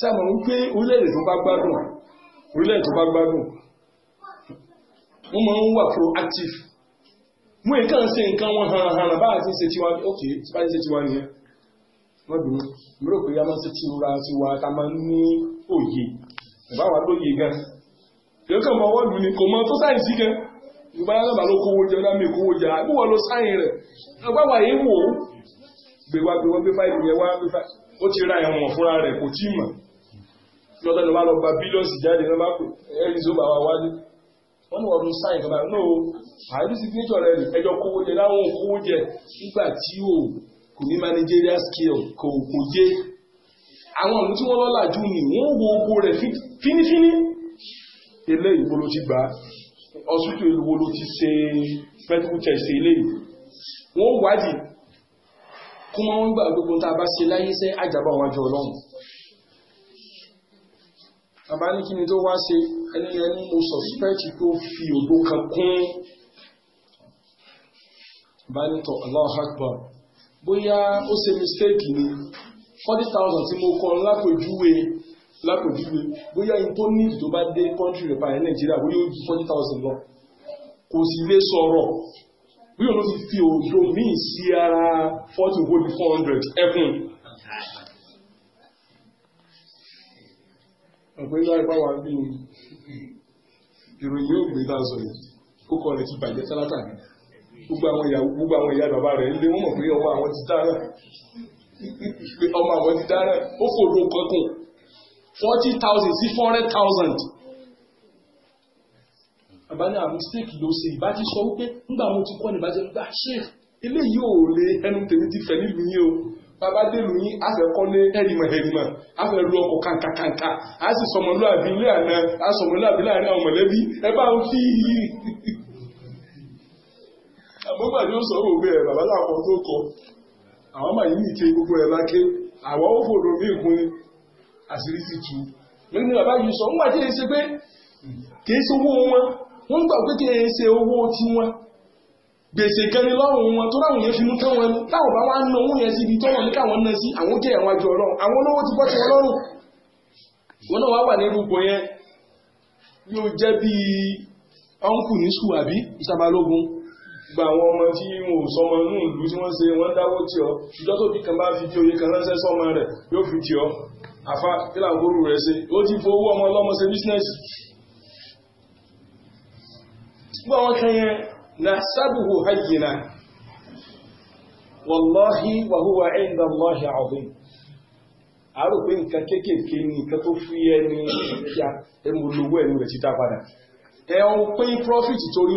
sáàmù wípé orílẹ̀-èdè tó bá gbádùn orílẹ̀-èdè tó bá gbádùn wọ́n máa ń wà proactive mú ìkànsí nǹkan wọn hàn hàn bá àti ṣe tiwa ok tí bá ti ṣe tiwa nìyẹn mọ́bìnú mo rò pé a máa ń ṣe tí ìrora ti wà ká máa ń ní òye bàbá wa lóye gan kí kàn mọ ọwọ́ lù ní kò mọ tó sáyìn sí gan ló kówó jẹ mi kówó jẹ àbí rẹ wa yìí wò ó gbé wa gbé gbé fáìlì yẹn wá gbé fáìlì ó ti ra ẹ̀wọ̀n fúnra rẹ̀ kò tí ì mọ̀ lọ́dọ̀ ni wọ́n lọ gba bílíọ̀nsì jáde ní managerial skill kò kò yé àwọn ìlú tí wọ́n lọ́lá jù ní wọ́n wo ogo rẹ̀ fínífíní ilé ìwo ló ti gbà hospital ìwo ló ti ṣe medical test ilé wọ́n wádìí kó máa ń gbà gbogbo tá a bá ṣe láyé sẹ́ àjàbá wájú ọlọ́run bàbá ní kí ni tó wá ṣe ẹni ẹni mo suspect tó fi òdo kan kún bá ní tọ Allahu Akbar bóyá ó ṣe mistake ni forty thousand tí mo kọ lápèjúwe lápèjúwe bóyá in tó ní tó bá dé country rẹ̀ báyìí nàìjíríà bóyá ó ju forty thousand lọ kò sì lè sọ̀rọ̀ bí òun ló ti fi òjò míì sí ara forty owó ní four hundred ẹkùn. ọ̀pọ̀ ìlú àìpá wa bí ìròyìn yóò gbé dáa sọ yìí ó kọ rẹ̀ ti bàjẹ́ tálákà nìyẹn gbogbo àwọn ìyá bàbá rẹ̀ lé wọ́n pé ọmọ àwọn ti dáràn pé ọmọ àwọn ti dáràn ó fòrò kọkùn forty thousand sí four hundred thousand. bàbá náà ah, mistake ló ṣe ìbá ti sọ wípé nígbà wọn ti kọ́ ni bàjẹ́ gbà ṣe eléyìí ò lè ẹnu tèmi ti fẹ̀ nílùú yín o bàbá dèlù yín a fẹ́ kọ́lé hẹ́rìmọ̀ hẹ́rìmọ̀ a fẹ́ lu ọkọ̀ kàǹkàǹkà a sì sọmọlúàbí ilé àná a sọmọlúàbí láàrin àwọn mọ̀lẹ́bí ẹ bá ń fi ó gbà ní ó sọ òwe ẹ̀ bàbá láwọn tó kọ àwọn màá yìí ké gbogbo ẹ̀ bá ké àwọn ó fòrò mí ìkún ni àṣírí ti tú lórí ni bàbá yìí sọ ń wájú ṣe pé kì í ṣe owó wọn wọ́n gbà pé kì í ṣe owó tiwọn gbèsè gẹni lọ́rùn wọn tó láwọn yẹn fi mú tẹ́wọn ní táwọn bá wá ń ná owó yẹn síbi tọ́wọ́n ní káwọn ná sí àwọn jẹ́ ẹ̀wọ̀n àjọ ọlọ́run àwọn olówó ti bọ́ tiwọn lọ́rùn wọn náà wá wà ní irúgbọ yẹn yóò jẹ́ bíi ọ́nkù ní sùn àbí ìsàbálógún gba àwọn ọmọ tí wọn ò sọmọ inú ìlú tí wọ́n ṣe wọ́n dáwó tí ọ ṣùgbọ́n tó bí kan bá fi di oyè kan ránṣẹ́ sọmọ rẹ̀ yóò fi di ọ àfa kílà gbóòrò rẹ̀ ṣe ó ti ọmọ ọlọ́mọ ṣe bísínẹ́sì. na sábùhù hayyina wàlláhi wàhúwa ẹ̀ńdà lọ́hì àbín àárò nǹkan kéékèèké ni nǹkan tó fi ẹni ìyá ẹmu lówó rẹ̀ padà ẹ̀ pín profit torí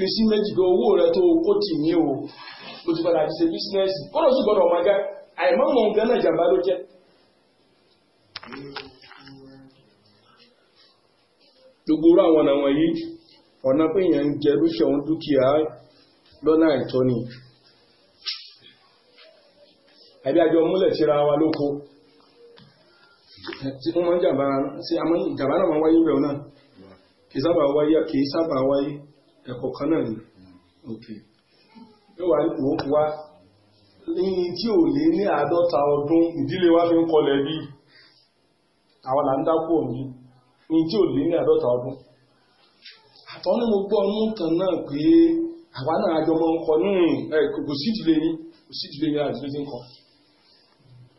fi sí méjì gan owó rẹ tó kó tì ní o ló ti padà ṣe bísínẹ́sì ó lọ sí gbọdọ̀ ọmọ ẹgbẹ́ àìmọ́mọ́ nǹkan náà jàmbá ló jẹ́. gbogbo orú àwọn ọ̀nà wọ̀nyí ọ̀nà pé èèyàn ń jẹ irúṣẹ́ òun dúkìá lọ́nà àìtọ́ ni àbí àjọ múlẹ̀ síra wa lóko tí wọ́n máa ń jàmbá sí àmọ́ ìjàmbá náà máa ń wáyé bẹ̀rù náà kì í sábà wáyé ẹ̀kọ́ kan náà ni òkè yóò wá ní tí ò lé ní àádọ́ta ọdún ìdílé wa fi ń kọlẹ̀ bí àwọn là ń dákú òní ní tí ò lé ní àádọ́ta ọdún àtọ́ ní mo gbọ́ ọmú kan náà pé àwa náà àjọ mọ́ ń kọ kò sí ìdílé yín kò sí ìdílé yín àdílé tí ń kọ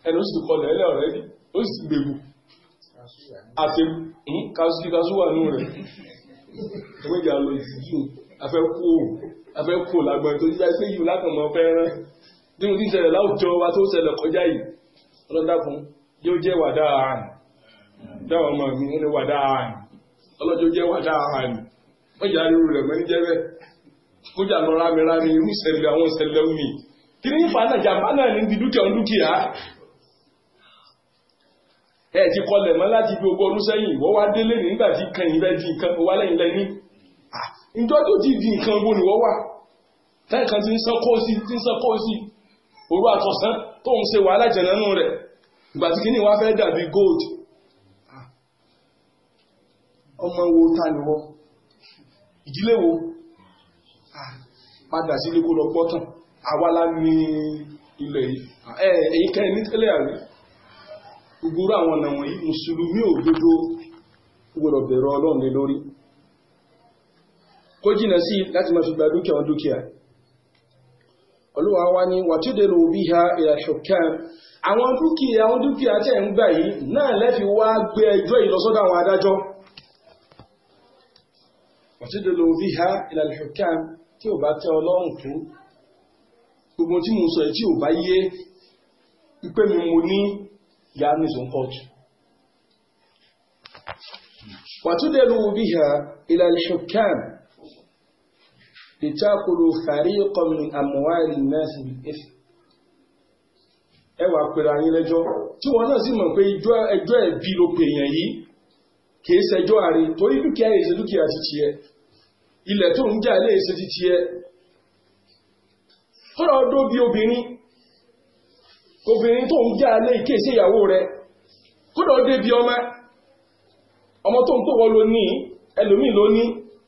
ẹni ó sì kọlẹ̀ ẹlẹ́ ọ̀rẹ́ ó sì àti ìwé ìjà lọ ìtìjú afẹ́ kú òun afẹ́ kú òun lágbọ́n tó jíjá sí yìí látàn mọ́ fẹ́ràn nínú tí ìṣẹ̀lẹ̀ láwùjọ wa tó ṣẹlẹ̀ kọjá yìí ọlọ́dàkùn yóò jẹ́ wàdà àrùn dáwọn ọmọ mi ó lè wàdà àrùn ọlọ́jọ́ jẹ́ wàdà àrùn wọ́n jà rírù rẹ̀ mọ́ ní jẹ́rẹ̀ kójà lọ rámi rámi irú ìṣẹ̀lẹ̀ àwọn ìṣẹ̀lẹ̀ omi kí ní ìfà náà jàmbá náà ní dúkìá dúkìá ẹ ti kọlẹ̀ mọ́ láti fi ogún ọdún sẹ́yìn wọ́n wá délé ní nígbà tí kan ìrẹ́ di nǹkan wá lẹ́yìn lẹ́ni ìjọ ah, tó ti di nǹkan ti ń sán kó sí ti ń sán kó sí òru àtọ̀sán tó ń ṣe wàhálà jẹ̀nánú rẹ̀ fẹ́ dàbí gold ah. ọmọ wo ta ni wo ah, padà kó lọ àwa ní ilẹ̀ yìí ẹ̀yìn ní tẹ́lẹ̀ gbogbo àwọn ọ̀nà wọ̀nyí mùsùlùmí òdodo gbọdọ̀ bẹ̀rọ ọlọ́run lé lórí kó jìnà sí láti máa fi gba dúkìá wọn dúkìá olúwa wa ni wàtúndẹ̀lù òbí ha ìràṣọ̀kẹ́ àwọn dúkìá àwọn dúkìá tẹ̀ ń gbà yìí náà lẹ́fi wá gbé ẹjọ́ ìlọsọ́dọ̀ àwọn adájọ́ wàtúndẹ̀lù òbí ha ìràṣọ̀kẹ́ tí ò bá tẹ ọlọ́run fún gbogbo tí mo sọ yìí tí ò bá yé ipé mi mo ní yanis ń pọ̀ jù wàtúndẹ̀lú biha ila al-hukam ìtakùrù fariqan min amwali an-nas bil-ithm ẹ wà pèrà yín lẹ́jọ́ tí wọ́n náà sì mọ̀ pé ẹjọ́ ẹ̀bí ló pè èèyàn yìí kìí ṣẹjọ́ ààrẹ torí dúkìá èsè dúkìá ti tiẹ̀ ilẹ̀ tó ń jà lè ṣe ti tiẹ̀ kọ́lọ̀ ọdún bí obìnrin obìnrin tó ń já alé ike sí ìyàwó rẹ̀ kódà ó débi ọmọ ọmọ tó ń tó wọ́n ló ní ẹlòmíì ló ní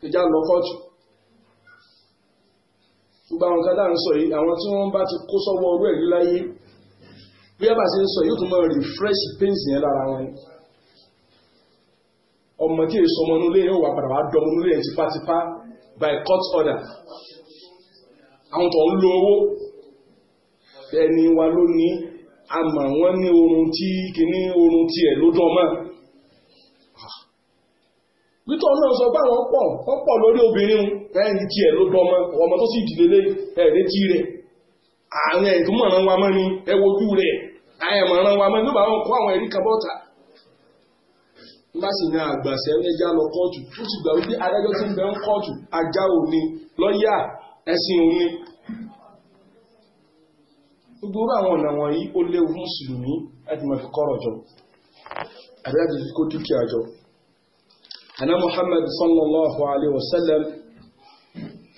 ìjà lọ kọ́ọ̀tù gbogbo àwọn kan dáhùn sọ yìí àwọn tí wọ́n bá ti kó sọ́wọ́ ọwọ́ ẹ̀rí láyé bí ẹ bá ṣe ń sọ yóò tún mọ refresh pains yẹn lára wọn ọmọ tí èso ọmọ nulẹ̀ yóò wà padà wá dọ́mọ nulẹ̀ tipátipá by court order àwọn tó ń lo owó ẹni wa ló ní a mà wọ́n ní oorun tí ọrụ oorun tiẹ̀ ló dán mọ́. Pítọ́ ah. náà sọ pé àwọn pọ̀ wọ́n pọ̀ lórí obìnrin ẹni tiẹ̀ ló dán mọ́ ọmọ tó sì dìde lé tí ààrẹ wa mọ́ ni ẹ wojú rẹ̀ wa mọ́ ní bàbá wọn àwọn ẹ̀rí kan bọ́ta bá sì ní àgbàṣẹ́ lọ kóòtù sì gbà wípé adájọ́ gbogbo àwọn ọ̀nà wọ̀nyí ó léwu fún mùsùlùmí láti máa fi kọ́rọ̀ jọ àbí láti fi kó dúkìá jọ ana muhammad sallallahu alaihi wasallam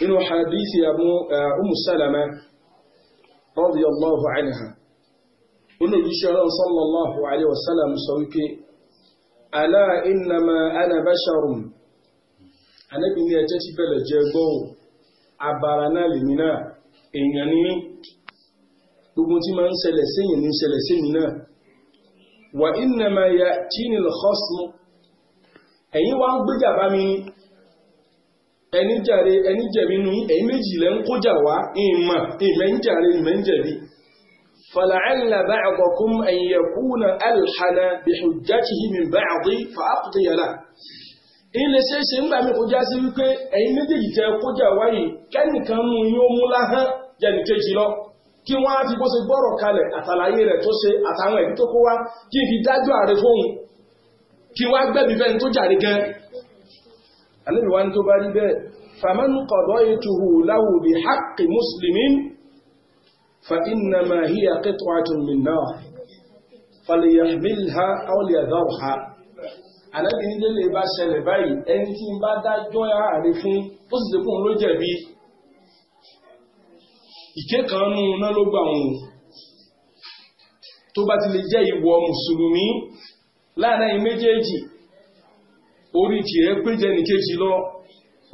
inú hadithi abu eh, umu salama radiyallahu anha inú jíṣẹ́ ọlọ́run sallallahu alaihi wasallam sọ wípé ala innama ana basharun anábìnrin ẹjẹ́ ti bẹ̀rẹ̀ jẹ́ gbọ́ àbára náà lèmi náà èèyàn ní gbogbo tí máa ń ṣẹlẹ̀ síyìn ní ṣẹlẹ̀ sí mi náà wà innama ya'tini al-khasm ẹ̀yin wá ń gbéjà bá mi ẹni jàre ẹni jẹ̀bi nu ẹ̀yin méjì lẹ́ ń kójà wá ìmọ̀ ìmẹ̀ ń jàre ìmẹ̀ ń jẹ̀bi fala'alla ba'dakum an yakuna alhana bihujjatihi min ba'di fa'aqdiya lahu ilé ṣeéṣe ńgbà mi kò já sí wípé ẹ̀yin méjèèjì tẹ kójà wáyé kẹ́nìkan nu yóò mú láhán jẹ́nìkejì lọ kí wọ́n á fi bó ṣe gbọ́rọ̀ kalẹ̀ àtàlàyé rẹ̀ tó ṣe àtàwọn ẹ̀bí tó kó wá kí n fi dájú ààrẹ fóun kí wọ́n á gbẹ̀bí fẹ́ni tó jàre gan. àlejò wa ní tó bá rí bẹ́ẹ̀ fàmánú kọ̀dọ̀ ètùhù láwù bí hákì mùsùlùmí fa innama hiya qit'atun min nar falyahmilha aw liyadharha àlejò nílé lè bá ṣẹlẹ̀ báyìí ẹni tí ń bá dájọ́ ààrẹ fún ó sì ṣe fún òun ló jẹ̀bi ìkékanú náà ló gbà wọn tó bá ti lè jẹ́ ìwọ mùsùlùmí láàrin méjèèjì orí tìrẹ́ péjẹ nìkejì lọ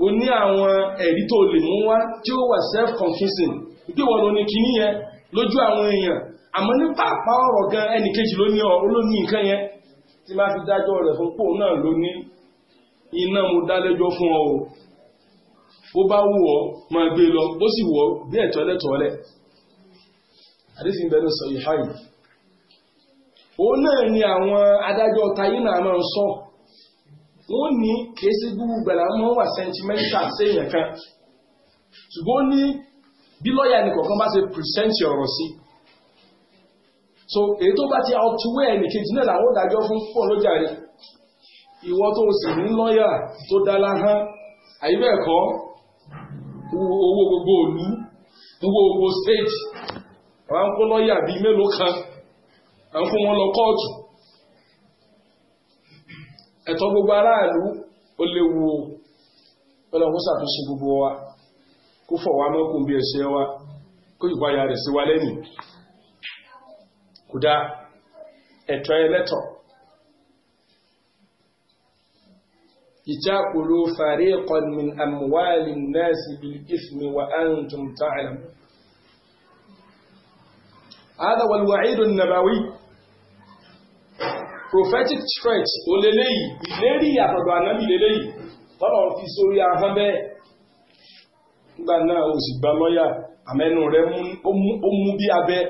o ní àwọn ẹ̀rí tó lè mú wá tí ó wà self confusing pé wọ́n ló ní kíní yẹn lójú àwọn èèyàn àmọ́ ní pàápàá ọ̀rọ̀ gan ẹnìkejì ló ní olóní nǹkan yẹn tí máa fi dájọ́ rẹ̀ fún pò náà ló iná mo dálẹ́jọ́ fún ọ bó bá wù ọ́ máa gbé lọ bó sì wù bí ẹ̀tọ́ ẹlẹ́tọ́ ọlẹ́ sọ ìháyì òun náà ni àwọn adájọ́ tayé náà máa ń sọ wọ́n ní kèésì gbogbo gbàlà máa ń wà sẹ́ńtímẹ́ńtà séèyàn kan ṣùgbọ́n ní bí lọ́ọ̀yà ni kọ̀ọ̀kan bá ṣe pìrìsẹ́ǹtì ọ̀rọ̀ sí so èyí tó bá ti ọtúwẹ́ ẹnìkejì náà làwọn ìdájọ́ fún pọ̀ lójà rẹ̀ ìwọ tó sì ní lọ́ọ̀yà tó dá láhán owó gbogbo òlú owó gbogbo stage àwọn kó lọ́ọ̀yà bíi mélòó kan àwọn kó wọn lọ kóòtù ẹ̀tọ́ gbogbo aráàlú ó léwu wo ọlọ́run kó ṣàtúnṣe gbogbo wa kó fọ̀ wá mọ́kùn bí ẹ̀ṣẹ̀ wa kó ìwáyà rẹ̀ sí wa lẹ́nu kódà ẹ̀tọ́ ẹlẹ́tọ̀ọ́. لتأكلوا فريقا من أموال الناس بالإثم وأنتم تعلمون هذا هو الوعيد النبوي prophetic threat tó lélẹ́yìí ìlérí àtọ̀dọ̀ ànábì lélẹ́yìí tọ́lọ̀ fi sórí ahọ́n bẹ́ẹ̀ nígbà náà o sì gba lọ́ọ̀yà àmẹ́nu rẹ̀ ó mú bí abẹ́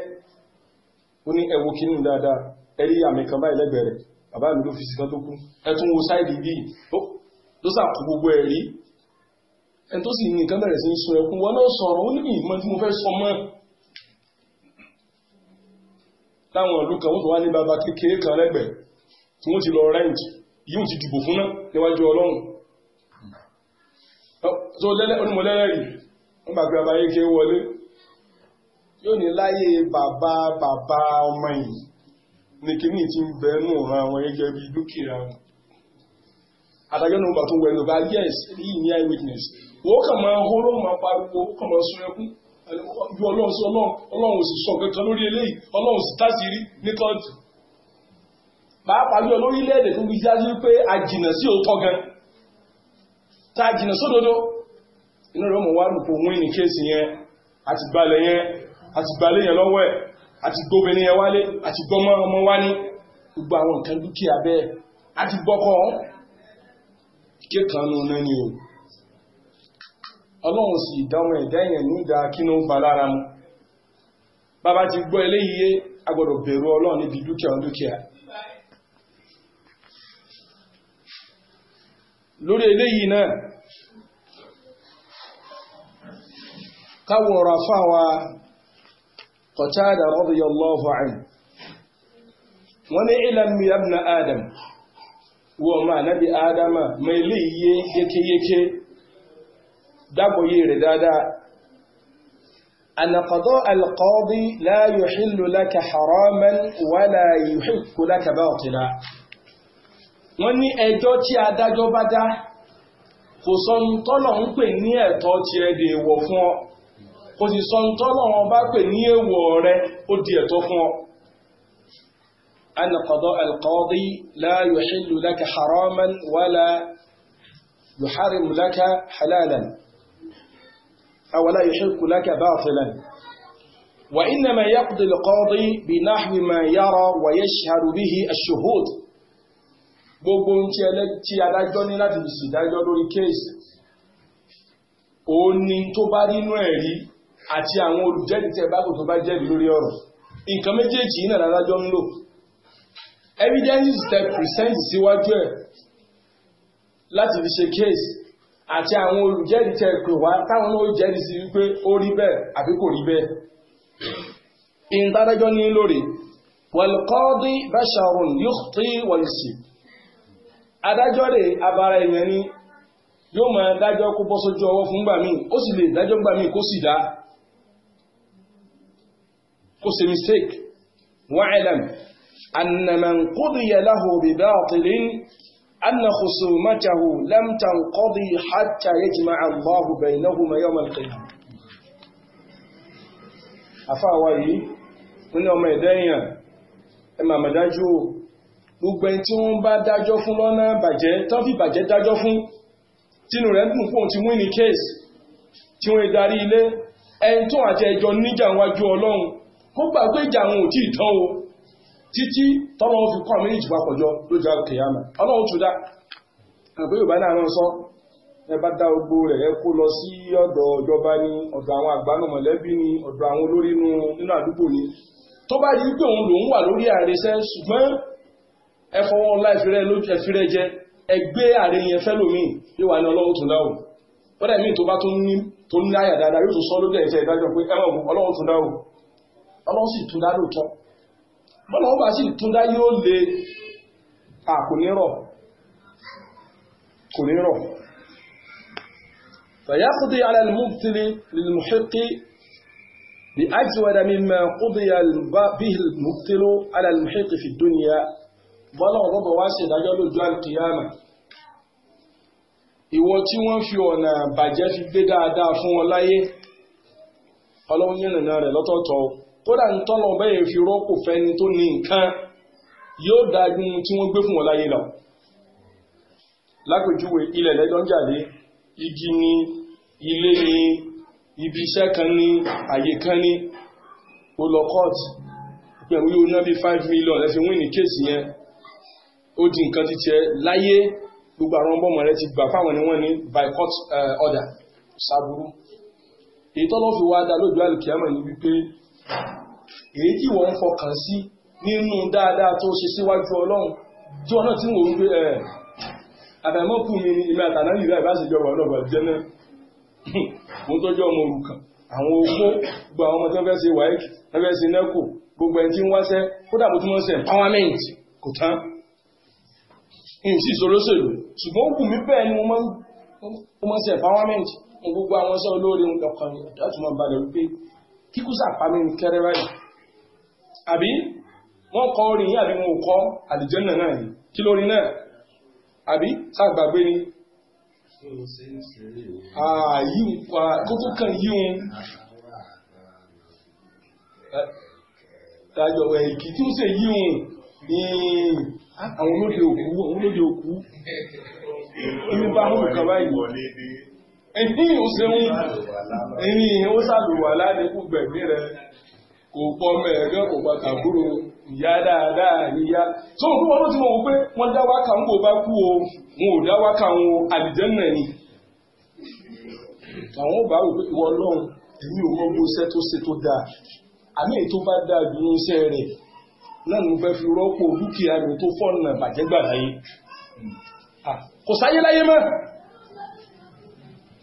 ó ní ẹ̀wò kínú dáadáa ẹ̀rí àmì kan báyìí lẹ́gbẹ̀ẹ́ rẹ̀ bàbá mi ló fi sìkán tó kú ẹ tún wo sáìdì bíi ló sàkó gbogbo ẹ̀rí ẹni tó sì ní nǹkan bẹ̀rẹ̀ sí ń sun ẹkún wọn náà sọ̀rọ̀ ó ní ìmọ̀ tí mo fẹ́ sọ mọ́ láwọn ìlú kan ó tó wá ní bàbá kékeré kan lẹ́gbẹ̀ẹ́ tí wọ́n ti lọ rent yíò ti dìbò fún náà níwájú ọlọ́run tó onímọ̀lẹ́rẹ̀rì wọ́n gbàgbé bàbá yìí ké wọlé yóò ní láyé bàbá bàbá ọmọ yìí ní kíní ti ń bẹ̀ẹ́nù ọ̀ràn àwọn gẹ́gẹ́ bí dúkìá wọn adájọ́ náà bá tó wẹ̀ ló bá yes yìí ní eye witness wọ́n kàn máa hóró máa pariwo ó kàn máa sun ẹkún ju ọlọ́run sí ọlọ́run ọlọ́run sì sọ kankan lórí eléyìí ọlọ́run sì táṣìírí ní kóòtù pàápàá jọ lórílẹ̀-èdè tó fi jáde pé àjìnà sí òótọ́ gan ta àjìnà sódodo inú rẹ̀ mọ̀ wá rúpo wọ́n ní kéèsì yẹn àti gbalẹ̀ yẹn àti gbalẹ̀ yẹn lọ́wọ́ ẹ̀ àti gbóbìnrin yẹn wálé àti gbọ́mọ́ ọmọ wá ní gbogbo àwọn nǹkan dúkìá bẹ́ẹ̀ àti gbọ́kọ̀ kíkanú náà ni o ọlọ́run sì dáwọn ẹ̀dá èèyàn nígbà kí ló ń lára bàbá ti gbọ́ eléyìí agbọ̀dọ̀ bẹ̀rù ọlọ́run níbi dúkìá dúkìá lórí eléyìí náà káwọn ọ̀rọ̀ afáwa Qatada radiyallahu wọ́n ní wọ ọmọ ànábì ádámà mọ ilé iye yékéyéké dábòye rẹ̀ dáadáa anàkọ̀dọ́ alqadi la yuhillu laka haraman wala yuhillu laka batila wọ́n ní ẹjọ́ tí adájọ́ bá dá kò sọ ń tọ́lọ̀ ń pè ní ẹ̀tọ́ ti ẹ̀dẹ̀ èèwọ̀ fún ọ kò sì sọ ń tọ́lọ̀ wọn bá pè ní èèwọ̀ rẹ ó di ẹ̀tọ́ fún ọ أن قضاء القاضي لا يحل لك حراما ولا يحرم لك حلالا أو لا يحق لك باطلا وإنما يقضي القاضي بنحو ما يرى ويشهر به الشهود gbogbo ohun tí adájọ́ ní láti fi ṣèdájọ́ lórí kéèsì òun ni tó bá nínú ẹ̀rí àti àwọn olùjẹ́rìí tẹ́ bá kò tó bá jẹ́rìí lórí ọ̀rọ̀ nǹkan méjèèjì náà adájọ́ ń lò evidence that present síwájú ẹ̀ láti fi ṣe case àti àwọn olùjẹ́rìí tẹ pè wá táwọn náà jẹ́rìí sí wípé ó rí bẹ́ẹ̀ àbí kò rí bẹ́ẹ̀ ìntàdájọ́ ní lórí wàlùkọ́dí bẹ́ṣàrùn yóò tí wọ́n sì adájọ́ rẹ̀ abara èèyàn ni yóò máa dájọ́ kó bọ́ sójú ọwọ́ fún gbà míì ó sì lè dájọ́ gbà kó sì dá kó ṣe mistake wa'lam أن من قضي له بباطل أن خصومته لم تنقضي حتى يجمع الله بينهما يوم القيامة أفاوي من يوم الدنيا إما مداجو gbogbo ẹni tí wọ́n bá dájọ́ fún lọ́nà bàjẹ́ tán fi bàjẹ́ dájọ́ fún tínú rẹ̀ dùn fún ti win ní case tí wọ́n darí ilé ẹni tó àti ẹjọ́ níjà wájú ọlọ́run kó gbà pé ìjà àwọn ò tí ì tán o títí tọ́lọ́ fi kọ́ àmì ìjìbá pọ̀jọ lójú àkèyàmà ọlọ́run tó dá àgbẹ̀ yorùbá náà náà sọ ẹ bá dá gbogbo rẹ̀ ẹ kó lọ sí ọ̀dọ̀ ìjọba ní ọ̀dọ̀ àwọn àgbánú mọ̀lẹ́bí ní ọ̀dọ̀ àwọn olórí nínú àdúgbò ní tó bá di pé òun lòun wà lórí àrẹsẹ ṣùgbọ́n ẹ fọwọ́ láìfi rẹ lójú ẹ fi rẹ jẹ ẹ gbé àrẹ yẹn fẹ́ lómi ìwà ní ọlọ́run tó dáwò wọ́n ẹ̀mí tó bá tó ní tó ní àyà dáadáa yóò tún sọ lójú ẹ̀ṣẹ̀ bọ́lá wọn bá sì tún dá yóò le à kò ní rọ̀ kò ní rọ̀ fẹ̀yàkùdí alẹ́lùmùtìlì lìlùmùhìkì bí àjíwádà mímọ̀ kúdí alẹ́lùmùtìlù alẹ́lùmùhìkì fi dúnìyà bọ́lá wọn bá wá sí ìdájọ́ lójú alìkìyàmà ìwọ tí wọ́n fi ọ̀nà bàjẹ́ fi gbé dáadáa fún wọn ọlọ́run yẹn nìyàn rẹ̀ lọ́tọ̀ọ̀tọ̀ kódà ń tọ́nà bẹ́ẹ̀ fi rọ́pò fẹ́ni tó ní nǹkan yóò dájú tí wọ́n gbé fún wọn láyé lọ lápèjúwe ilẹ̀ lẹ́jọ́ ń jàlé igi ni ilé ni ibi iṣẹ́ kan ní àyè kan ní ó lọ kọ́ọ̀tù pẹ̀lú yóò ná bí five million ẹ fi win ní kéèsì yẹn ó di nǹkan ti tiẹ̀ láyé gbogbo àwọn ọmọ rẹ ti gbà fáwọn ni wọ́n ní by court eh, order ṣàbùrú èyí tọ́lọ́ fi wá dá lójú àlùkìyàmọ̀ ní wípé èyí tí wọ́n ń fọkàn sí nínú dáadáa tó ṣe síwájú ọlọ́run tí wọ́n náà ti ń wò ẹ̀ àbẹ̀mọ́kù mi ni ìmẹ́ àtàná ìrẹ́ ìbáṣejọ́ wà lọ́gbà jẹ́ náà mo ọmọ òrukàn àwọn opó gbogbo ọmọ tí wọ́n fẹ́ ṣe wáìkì fẹ́ ṣe nẹ́kù gbogbo ẹni tí ń wáṣẹ́ kódà mo tún wọ́n ṣe empowerment kò tán n sì sọ lóṣèlú ṣùgbọ́n ó kù mí bẹ́ẹ̀ ni mo máa ń ṣe empowerment gbogbo àwọn iṣẹ́ olóore ọkàn ìdájúmọ̀ balẹ̀ wípé kíkú sàpamí ń kẹrẹ báyìí àbí wọ́n kọ orin yìí àbí wọn ò kọ àlìjẹ́nà náà yìí kí lórí náà àbí sàgbàgbé ni
ààyí kókó kan yíun
dájọ́ ẹ̀kì tí ó ṣe yíun ní àwọn olóde òkú àwọn olóde òkú olúbáhùn kan báyìí ẹ̀yìn ò ṣeun ẹ̀yìn ó ṣàlùwàlá ní gbẹ̀mí rẹ̀ kò pọ̀ mẹ́ẹ̀gẹ́ kò gbà kàbúrò ìyá dáadáa níyá tó ń fún ọdún tí wọ́n pé wọ́n dáwà kò bá kú o wọn ò dáwà o àlìjẹ́nà ni àwọn ò bá wò pé ìwọ ọlọ́run èmi ò mọ bó ṣe tó ṣe tó dáa àmì èyí bá dáa ju iṣẹ́ rẹ̀ náà ló fẹ́ fi rọ́pò dúkìá mi tó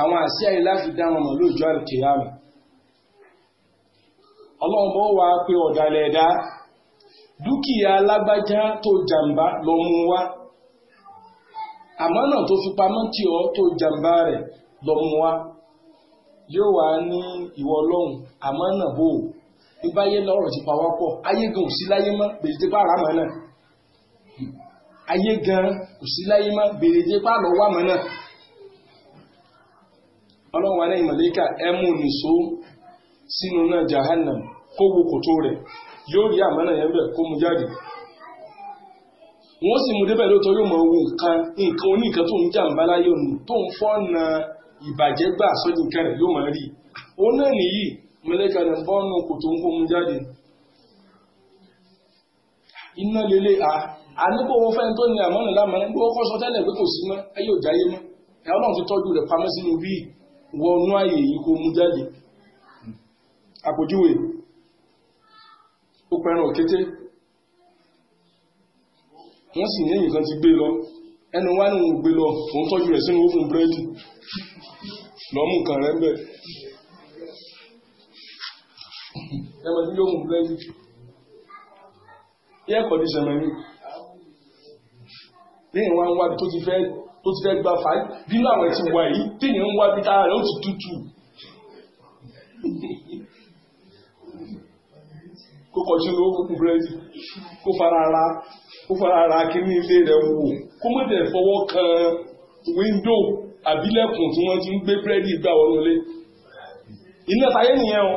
àwọn àsíá yìí láti dá wọn mọ̀ lóòjọ́ àlùkìyàmù ọlọ́run bó wá pé ọ̀dàlẹ̀ ẹ̀dá dúkìá alágbájá tó jàǹbá lọ mú wá àmọ́ náà tó fi pamọ́ tì ọ́ tó jàǹbá rẹ̀ lọ mú wá yóò wá ní ìwọ ọlọ́run àmọ́ náà bò ó lọ́rọ̀ ti ayé gan ò ọlọ́run alẹ́ ìmọ̀lẹ́kà ẹmú nìṣó sínú náà jahannam kó wo kòtò rẹ̀ yóò rí àmọ́nà yẹn bẹ̀ kó mu jáde wọ́n sì mú débẹ̀ lóòótọ́ yóò nǹkan nǹkan oníkan tó ń jàǹbá láyé òun tó ń ìbàjẹ́ gbà sọ́jú nǹkan rẹ̀ nìyí a àníkó tó ní àmọ́nà kọ́ sọ tẹ́lẹ̀ pé kò sí mọ́ wọnú àyè yìí kó mú jáde àpòjúwe ó pẹran òkété wọ́n sì ní èyí kan ti gbé lọ ẹnu wá ní òun gbé lọ òun tọ́jú rẹ̀ sínú òfin búrẹ́dì lọ́mù kan rẹ̀ bẹ̀ ẹmọ yóò mú búrẹ́dì yẹ́kọ̀ọ́ di sẹ̀mẹ̀ ní lẹ́yìn wá tó ti fẹ́ tó ti fẹ́ gba fàájì bí láwọn ti wà yìí téèyàn ń wá bí tára rẹ̀ ó ti tútù. kó kọjú lówó kó kú búrẹ́dì kó fara ra kó fara ra kíní ilé rẹ̀ wò kó má dẹ̀ fọwọ́ kan wíńdò àbílẹ̀kùn tí wọ́n ti ń gbé búrẹ́dì gbà wọnú ilé. iná tayé nìyẹn o.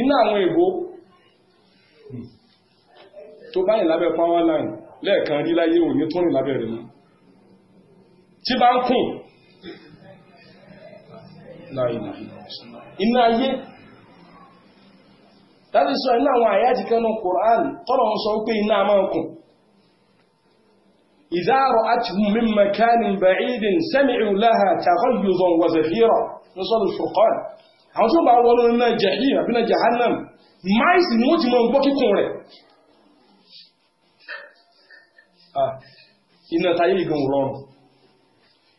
iná àwọn èèbó tó bá rìn lábẹ́ power line lẹ́ẹ̀kan rí láyé ò ní tó rìn lábẹ́ rẹ̀ mọ́ tí bá ń kùn iná ayé tàbí sọ iná àwọn àyájì kanú Qur'an tọ́lọ̀ ń sọ pé iná máa ń kùn idha ra'athum min makanin ba'idin sami'u laha taghayyuzan wa zafira wọ́n Ah, iná táyé ìgbọ̀n rọrùn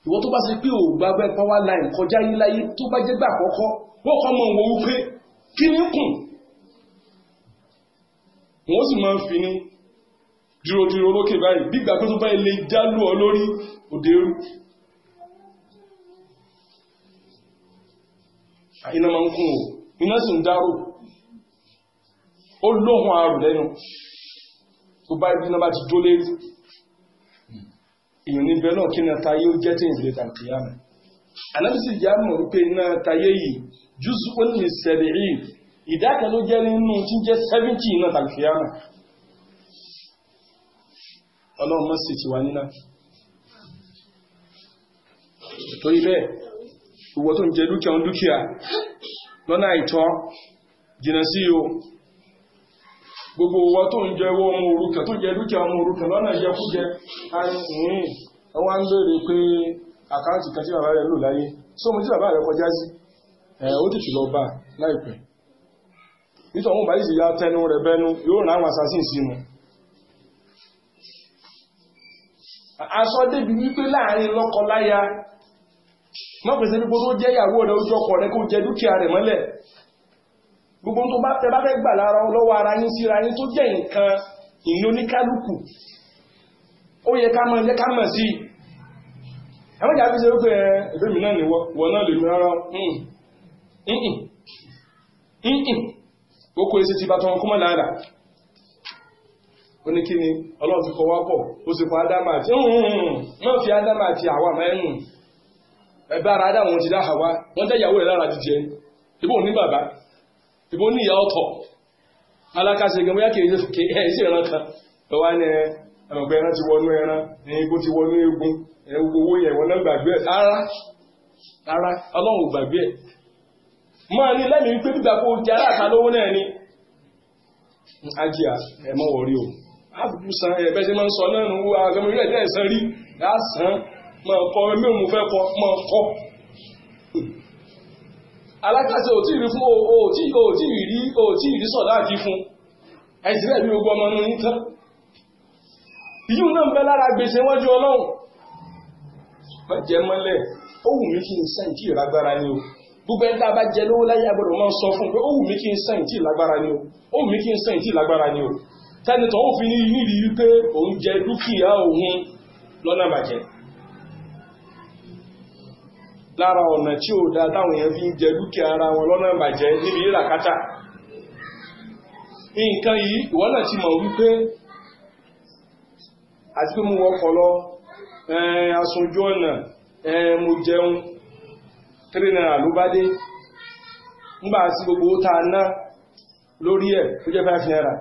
ìwọ́n tó bá ṣe pé òun gbàgbẹ́ power line kọjá yín láyé tó bá jẹ́ gbà àkọ́kọ́ wọ́n kọ́ mọ̀ wọ́n wípé kí ní kùn wọ́n sì máa ń fi ní dúródúró lókè báyìí bí ìgbà pé tó bá ilé jálù ọ lórí òde rú ah, iná máa ń kún o iná sì ń dárò ó lóhun àrùn lẹ́nu tó bá iná bá ti dó lérí èèyàn níbẹ̀ náà kí náà táyé ó jẹ́ tí ìlú tàkìyàmù anábìsì jáàmù wípé náà táyé yìí jùsù ó ní sẹ̀rẹ̀ ìdá kan ló jẹ́ nínú tí jẹ́ sẹ́fíntì náà tàkìyàmù ọlọ́run mọ́sí ti wà níná torí bẹ́ẹ̀ ìwọ tó ń jẹ dúkìá ń dúkìá lọ́nà àìtọ́ jìnà sí yóò gbogbo wa tó ń jẹ owó ọmọ òrukàn tó ń jẹ dúkìá ọmọ òrukàn lọ́nà ìjẹkújẹ àwọn hmm, ń béèrè pé àkáǹtì kan tí bàbá rẹ̀ lò láyé sóhun tí bàbá rẹ̀ kọjá sí ó tètè lọ bá láìpẹ́ nítorí àwọn sì ya tẹnu rẹ̀ bẹnu yóò rán àwọn assassin aṣọ débi wípé láàrin tó jẹ́ ìyàwó ojú ọkọ kó jẹ dúkìá mọ́lẹ̀ gbogbo tó bá tẹ bá fẹ́ gbà lára ọlọ́wọ́ ara yín síra yín tó jẹ́ nǹkan ìyìn oníkálukú ó yẹ ká mọ̀ yẹ ká mọ̀ sí i àwọn ṣe wípé ẹgbẹ́ mi náà ni wọ́n náà lè mi rárá ǹǹǹǹǹǹ ti bá tọ́ ọkọ́ Onikini ó ní kí ni ọlọ́run fi kọ pọ̀ ó sì fọ ádámà àti náà fi ádámà àti àwa mẹ́rin ara ádámà wọn ti dá àwa jẹ́ ìyàwó rẹ̀ lára jíjẹ ní ya ní ìyá ọ̀tọ̀ ya gan ya kìí ṣe ẹ̀ṣẹ̀ ẹran kan tó wá ní ọ̀gbẹ́ ẹran ti wọnú ẹran egun ti wọnú egun owó yẹn wọn náà gbàgbé ẹ̀ rárá rárá ọlọ́run ẹ̀ ní lẹ́mìí wípé jẹ o san máa ń sọ náà nù ilé alákàṣe ò tí ì rí fún o tí ì rí o tí ì rí sọ̀dá àti fún ẹ̀sìn rẹ̀ bí gbogbo ọmọ inú yín tán yíò náà ń bẹ lára gbèsè wájú ọlọ́run má jẹ mọ́lẹ̀ ó wù mí kí n sàn kí ìlágbára ni o gbogbo ẹni tá a bá jẹ lówó láyé agbọ́dọ̀ máa ń sọ fún pé ó wù mí kí n sàn kí ìlágbára ni o ó wù mí kí n sàn kí ìlágbára ni o tẹnitọ́ òfin ní ìrírí pé òun jẹ dúkìá òun lọ́nà bàjẹ́ lára ọ̀nà tí ó dá táwọn èèyàn fi ń jẹ dúkìá ara wọn lọ́nà ìbàjẹ́ níbi ìràkátà nǹkan yìí ìwọ náà ti mọ̀ wípé àti pé mo wọkọ̀ lọ aṣojú ọ̀nà mo jẹun three naira ló bá dé nígbà sí gbogbo ó ta ná lórí ẹ̀ ó jẹ́ five naira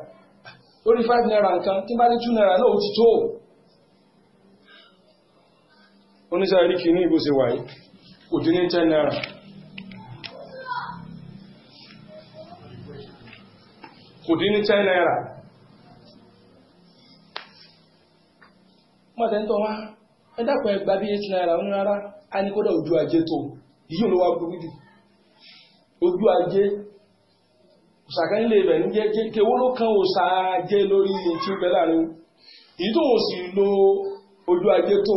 lórí five naira nǹkan tí bá dé two naira náà ó ti tó oníṣẹ́ ìrìkì ní ìbò ṣe wáyé kò dín ní 10 naira kò dín ní 10 naira mọ́tẹ̀ ń tọ́ wá ẹ̀dàpọ̀ ẹgbà bí 8 naira ní rárá a ní kódà ojú ajé tó yíò ló wá burú jù ojú ajé òsàkán ilé ibẹ̀ ní jẹ́ kéwó ló kán òsà ajé lórí tí ó bẹ láàrin èyí tó wò sí lo ojú ajé tó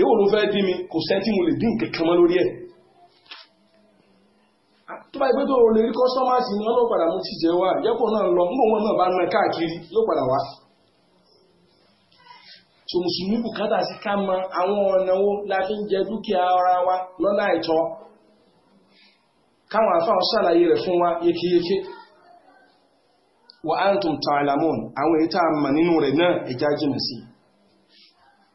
iwu ló fẹ́ bí mi kò sẹ́ tí mo lè dín kankan mọ́ lórí ẹ̀ tó bá tó o lè rí kọ́sọ́mọ́sì ni wọ́n lọ padà mú tìjẹ́ wá ìyẹ́pọ̀ náà lọ nígbà wọn náà bá wa. káàkiri padà so mùsùlùmí bùkátà sí ká mọ àwọn ọ̀nà wo la fi ń jẹ dúkìá ara wa lọ́nà àìtọ́ káwọn àfáà ṣàlàyé rẹ̀ fún wa yékéyéké wa àwọn èyí tá a mọ̀ nínú rẹ̀ náà ẹ̀já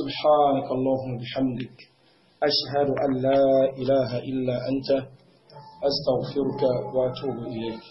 سبحانك اللهم بحمدك أشهد أن لا إله إلا أنت أستغفرك وأتوب إليك